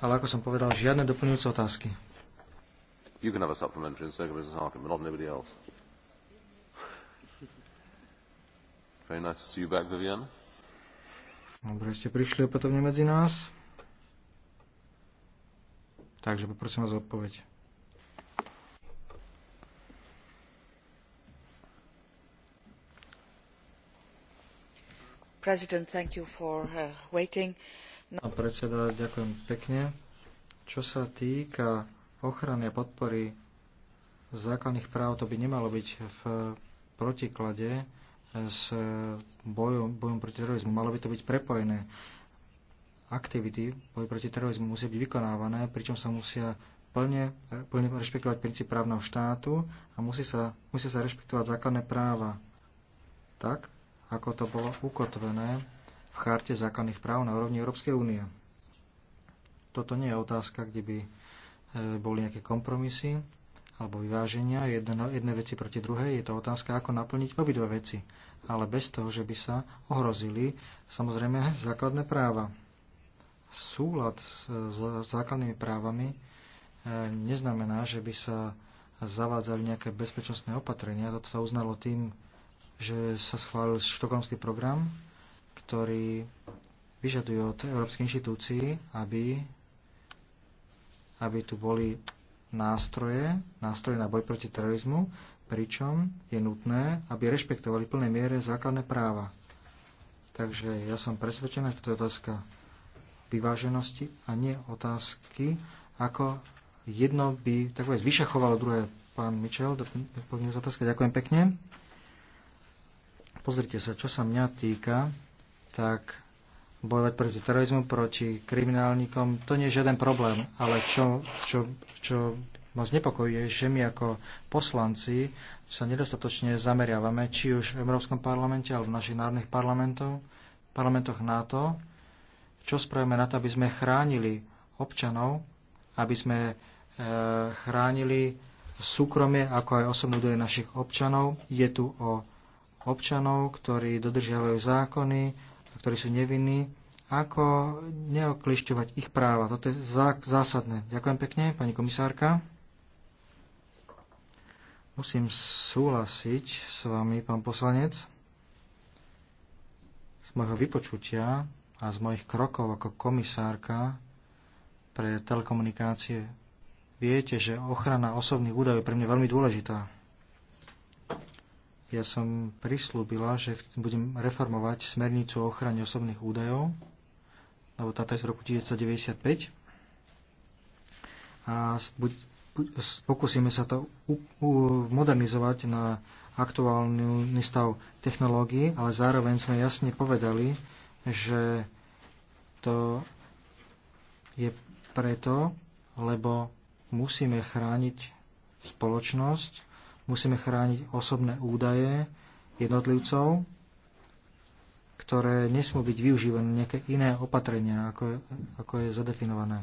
Ale ako som povedal, žiadne doplňujúce otázky. You can have a supplementary in circumstances, Harkin, but not anybody else. Very nice to see you back, Vivian. Dobre, ste prišli opätovne medzi nás. Takže poprosím vás o odpoveď. President, thank you for uh, waiting. No... Pán predseda, ďakujem pekne. Čo sa týka ochrany a podpory základných práv, to by nemalo byť v protiklade s bojom, bojom proti terorizmu. Malo by to byť prepojené aktivity boj proti terorizmu musia byť vykonávané, pričom sa musia plne, plne rešpektovať princíp právneho štátu a musí sa, musia sa rešpektovať základné práva tak, ako to bolo ukotvené v charte základných práv na úrovni Európskej únie. Toto nie je otázka, kde by e, boli nejaké kompromisy alebo vyváženia jedne, jedné veci proti druhej. Je to otázka, ako naplniť obidve veci, ale bez toho, že by sa ohrozili samozrejme základné práva súlad s základnými právami e, neznamená, že by sa zavádzali nejaké bezpečnostné opatrenia. Toto sa uznalo tým, že sa schválil štokholmský program, ktorý vyžaduje od európskej inštitúcií, aby, aby tu boli nástroje, nástroje na boj proti terorizmu, pričom je nutné, aby rešpektovali v plnej miere základné práva. Takže ja som presvedčená, že to je otázka vyváženosti a nie otázky, ako jedno by tak povedať vyšachovalo druhé. Pán Mičel, doplňujem z otázka. Ďakujem pekne. Pozrite sa, čo sa mňa týka, tak bojovať proti terorizmu, proti kriminálnikom, to nie je žiaden problém, ale čo, čo, čo ma znepokojuje, že my ako poslanci sa nedostatočne zameriavame, či už v Európskom parlamente, alebo v našich národných parlamentoch, parlamentoch NATO, čo spravíme na to, aby sme chránili občanov, aby sme e, chránili súkromie, ako aj osobnú údaje našich občanov. Je tu o občanov, ktorí dodržiavajú zákony, ktorí sú nevinní, ako neoklišťovať ich práva. Toto je zásadné. Ďakujem pekne, pani komisárka. Musím súhlasiť s vami, pán poslanec. Z môjho vypočutia a z mojich krokov ako komisárka pre telekomunikácie viete, že ochrana osobných údajov je pre mňa veľmi dôležitá. Ja som prislúbila, že budem reformovať smernicu o ochrane osobných údajov, lebo táto je z roku 1995. A pokúsime sa to modernizovať na aktuálny stav technológií, ale zároveň sme jasne povedali, že to je preto, lebo musíme chrániť spoločnosť, musíme chrániť osobné údaje jednotlivcov, ktoré nesmú byť využívané nejaké iné opatrenia, ako, je, ako je zadefinované.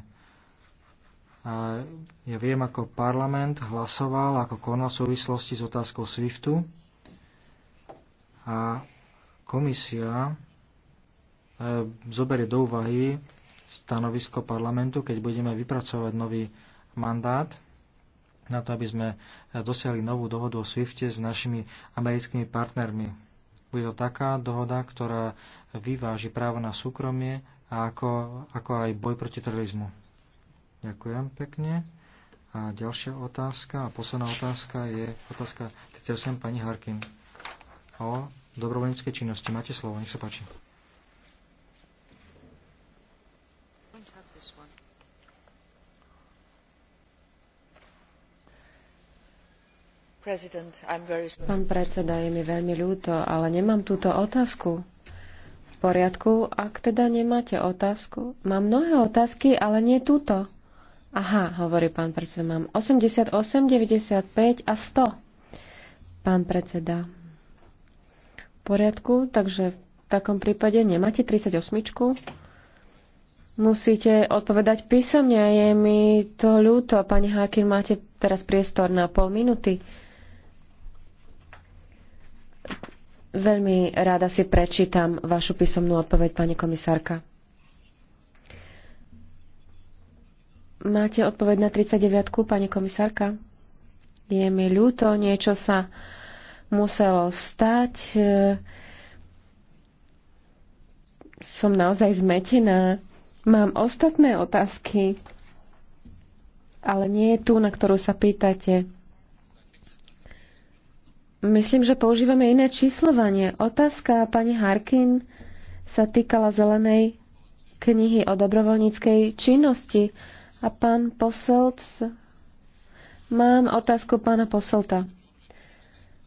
A ja viem, ako parlament hlasoval, ako konal v súvislosti s otázkou SWIFTu a komisia E, zoberie do úvahy stanovisko parlamentu, keď budeme vypracovať nový mandát na to, aby sme dosiahli novú dohodu o SWIFTe s našimi americkými partnermi. Bude to taká dohoda, ktorá vyváži právo na súkromie a ako, ako aj boj proti terorizmu. Ďakujem pekne. A ďalšia otázka, a posledná otázka je otázka 38 pani Harkin o dobrovoľníckej činnosti. Máte slovo, nech sa páči. Pán predseda, je mi veľmi ľúto, ale nemám túto otázku. V poriadku, ak teda nemáte otázku. Mám mnohé otázky, ale nie túto. Aha, hovorí pán predseda, mám 88, 95 a 100. Pán predseda. V poriadku, takže v takom prípade nemáte 38. Musíte odpovedať písomne, je mi to ľúto. Pani Hákin, máte teraz priestor na pol minúty. Veľmi rada si prečítam vašu písomnú odpoveď, pani komisárka. Máte odpoveď na 39, pani komisárka? Je mi ľúto, niečo sa muselo stať. Som naozaj zmetená. Mám ostatné otázky, ale nie je tu, na ktorú sa pýtate. Myslím, že používame iné číslovanie. Otázka pani Harkin sa týkala zelenej knihy o dobrovoľníckej činnosti. A pán Poselc, mám otázku pána Poselta.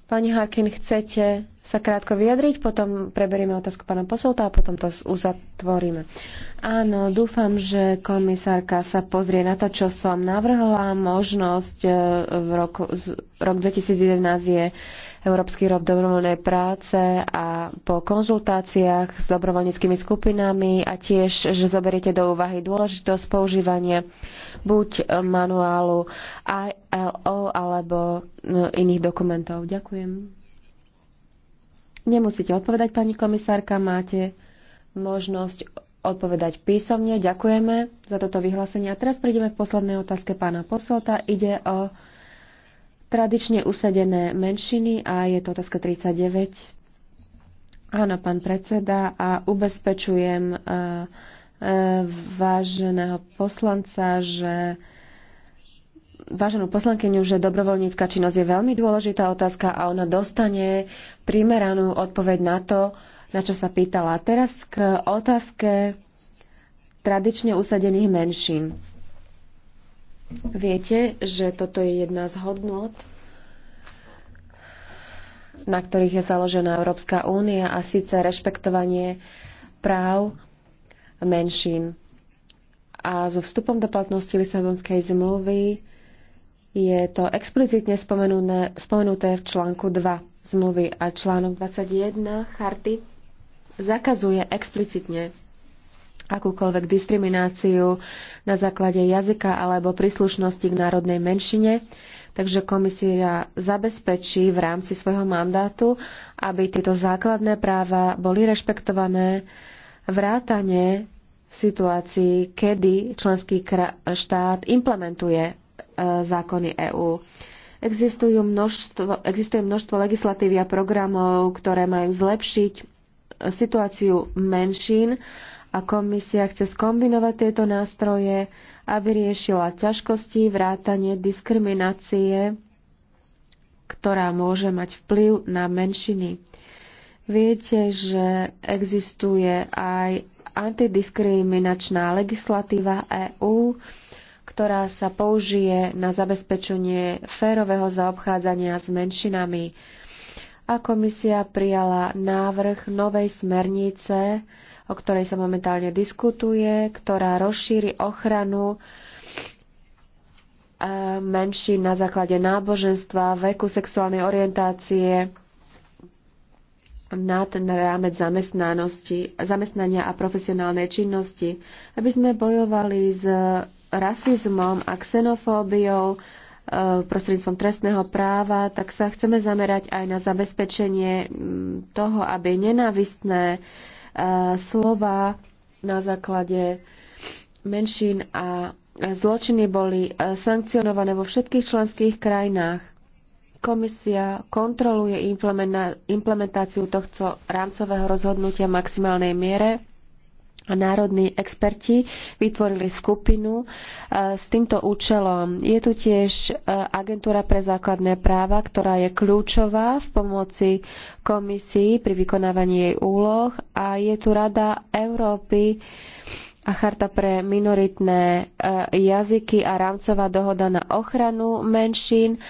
Pani Harkin, chcete sa krátko vyjadriť, potom preberieme otázku pána Poselta a potom to uzatvoríme. Áno, dúfam, že komisárka sa pozrie na to, čo som navrhla. Možnosť eh, v roku, rok 2011 je Európsky rok dobrovoľnej práce a po konzultáciách s dobrovoľníckými skupinami a tiež, že zoberiete do úvahy dôležitosť používania buď manuálu ILO alebo no, iných dokumentov. Ďakujem. Nemusíte odpovedať, pani komisárka, máte možnosť odpovedať písomne. Ďakujeme za toto vyhlásenie. A teraz prídeme k poslednej otázke pána Posolta. Ide o tradične usadené menšiny a je to otázka 39. Áno, pán predseda, a ubezpečujem e, e, váženého poslanca, že váženú poslankyňu, že dobrovoľnícka činnosť je veľmi dôležitá otázka a ona dostane primeranú odpoveď na to, na čo sa pýtala. Teraz k otázke tradične usadených menšín. Viete, že toto je jedna z hodnot, na ktorých je založená Európska únia a síce rešpektovanie práv menšín. A so vstupom do platnosti Lisabonskej zmluvy je to explicitne spomenuté, spomenuté v článku 2 zmluvy a článok 21 charty zakazuje explicitne akúkoľvek diskrimináciu na základe jazyka alebo príslušnosti k národnej menšine. Takže komisia zabezpečí v rámci svojho mandátu, aby tieto základné práva boli rešpektované vrátane situácií, kedy členský štát implementuje e, zákony EÚ. Existujú množstvo, existuje množstvo legislatívy a programov, ktoré majú zlepšiť situáciu menšín a komisia chce skombinovať tieto nástroje, aby riešila ťažkosti, vrátanie diskriminácie, ktorá môže mať vplyv na menšiny. Viete, že existuje aj antidiskriminačná legislatíva EÚ, ktorá sa použije na zabezpečenie férového zaobchádzania s menšinami. A komisia prijala návrh novej smernice, o ktorej sa momentálne diskutuje, ktorá rozšíri ochranu eh, menšín na základe náboženstva, veku, sexuálnej orientácie nad rámec zamestnanosti, zamestnania a profesionálnej činnosti, aby sme bojovali s rasizmom a xenofóbiou eh, prostredníctvom trestného práva, tak sa chceme zamerať aj na zabezpečenie mm, toho, aby nenávistné slova na základe menšín a zločiny boli e, sankcionované vo všetkých členských krajinách. Komisia kontroluje implementáciu tohto rámcového rozhodnutia v maximálnej miere a národní experti vytvorili skupinu e, s týmto účelom. Je tu tiež e, agentúra pre základné práva, ktorá je kľúčová v pomoci komisii pri vykonávaní jej úloh a je tu Rada Európy a Charta pre minoritné e, jazyky a rámcová dohoda na ochranu menšín.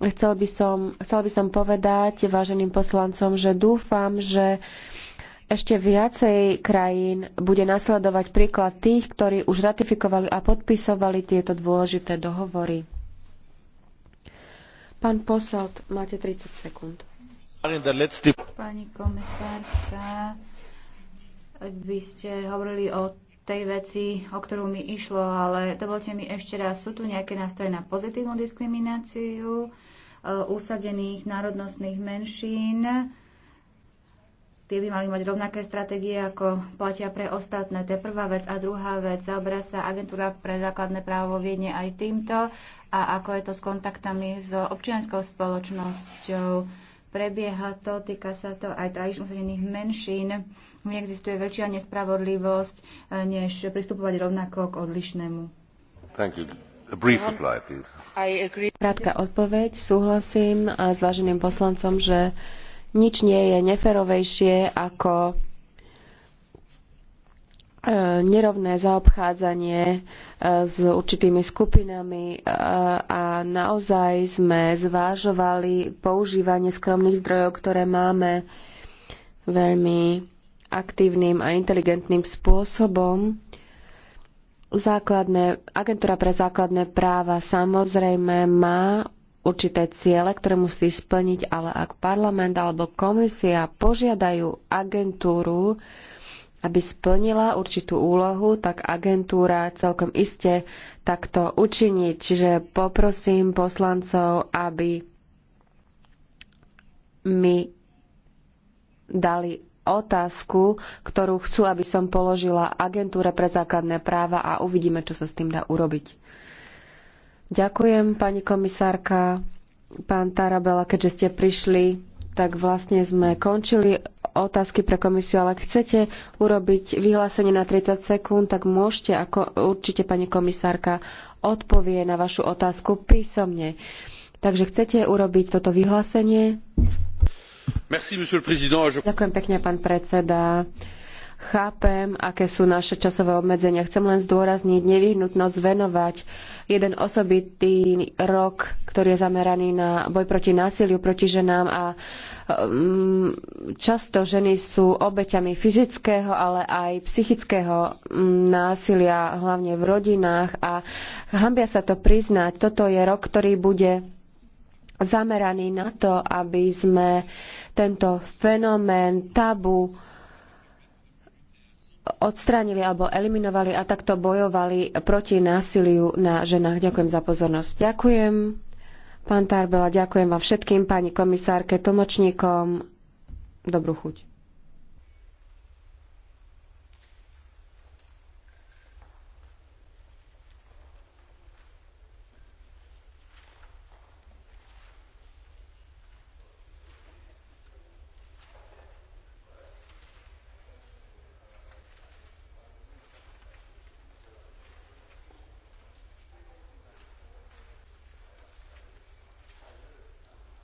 Chcel by som, chcel by som povedať váženým poslancom, že dúfam, že ešte viacej krajín bude nasledovať príklad tých, ktorí už ratifikovali a podpisovali tieto dôležité dohovory. Pán Posolt, máte 30 sekúnd. Pani komisárka, By ste hovorili o tej veci, o ktorú mi išlo, ale dovolte mi ešte raz, sú tu nejaké nástroje na pozitívnu diskrimináciu eh, usadených národnostných menšín? Tie by mali mať rovnaké stratégie, ako platia pre ostatné. To je prvá vec. A druhá vec, zaoberá sa agentúra pre základné právo Viedne aj týmto a ako je to s kontaktami s občianskou spoločnosťou. Prebieha to, týka sa to aj tradične usadených menšín. Neexistuje väčšia nespravodlivosť, eh, než pristupovať rovnako k odlišnému. Thank you. Krátka odpoveď. Súhlasím eh, s váženým poslancom, že nič nie je neferovejšie ako e, nerovné zaobchádzanie e, s určitými skupinami e, a naozaj sme zvážovali používanie skromných zdrojov, ktoré máme veľmi aktívnym a inteligentným spôsobom. Základné, agentúra pre základné práva samozrejme má určité ciele, ktoré musí splniť, ale ak parlament alebo komisia požiadajú agentúru, aby splnila určitú úlohu, tak agentúra celkom iste takto učiní. Čiže poprosím poslancov, aby mi dali otázku, ktorú chcú, aby som položila agentúre pre základné práva a uvidíme, čo sa s tým dá urobiť. Ďakujem, pani komisárka, pán Tarabela, keďže ste prišli, tak vlastne sme končili otázky pre komisiu, ale ak chcete urobiť vyhlásenie na 30 sekúnd, tak môžete, ako určite pani komisárka odpovie na vašu otázku písomne. Takže chcete urobiť toto vyhlásenie? Merci, Ďakujem pekne, pán predseda. Chápem, aké sú naše časové obmedzenia. Chcem len zdôrazniť nevyhnutnosť venovať jeden osobitý rok, ktorý je zameraný na boj proti násiliu proti ženám a um, často ženy sú obeťami fyzického, ale aj psychického mm, násilia, hlavne v rodinách a hambia sa to priznať. Toto je rok, ktorý bude zameraný na to, aby sme tento fenomén tabu odstránili alebo eliminovali a takto bojovali proti násiliu na ženách. Ďakujem za pozornosť. Ďakujem. Pán Tarbela, ďakujem vám všetkým, pani komisárke, tlmočníkom. Dobrú chuť.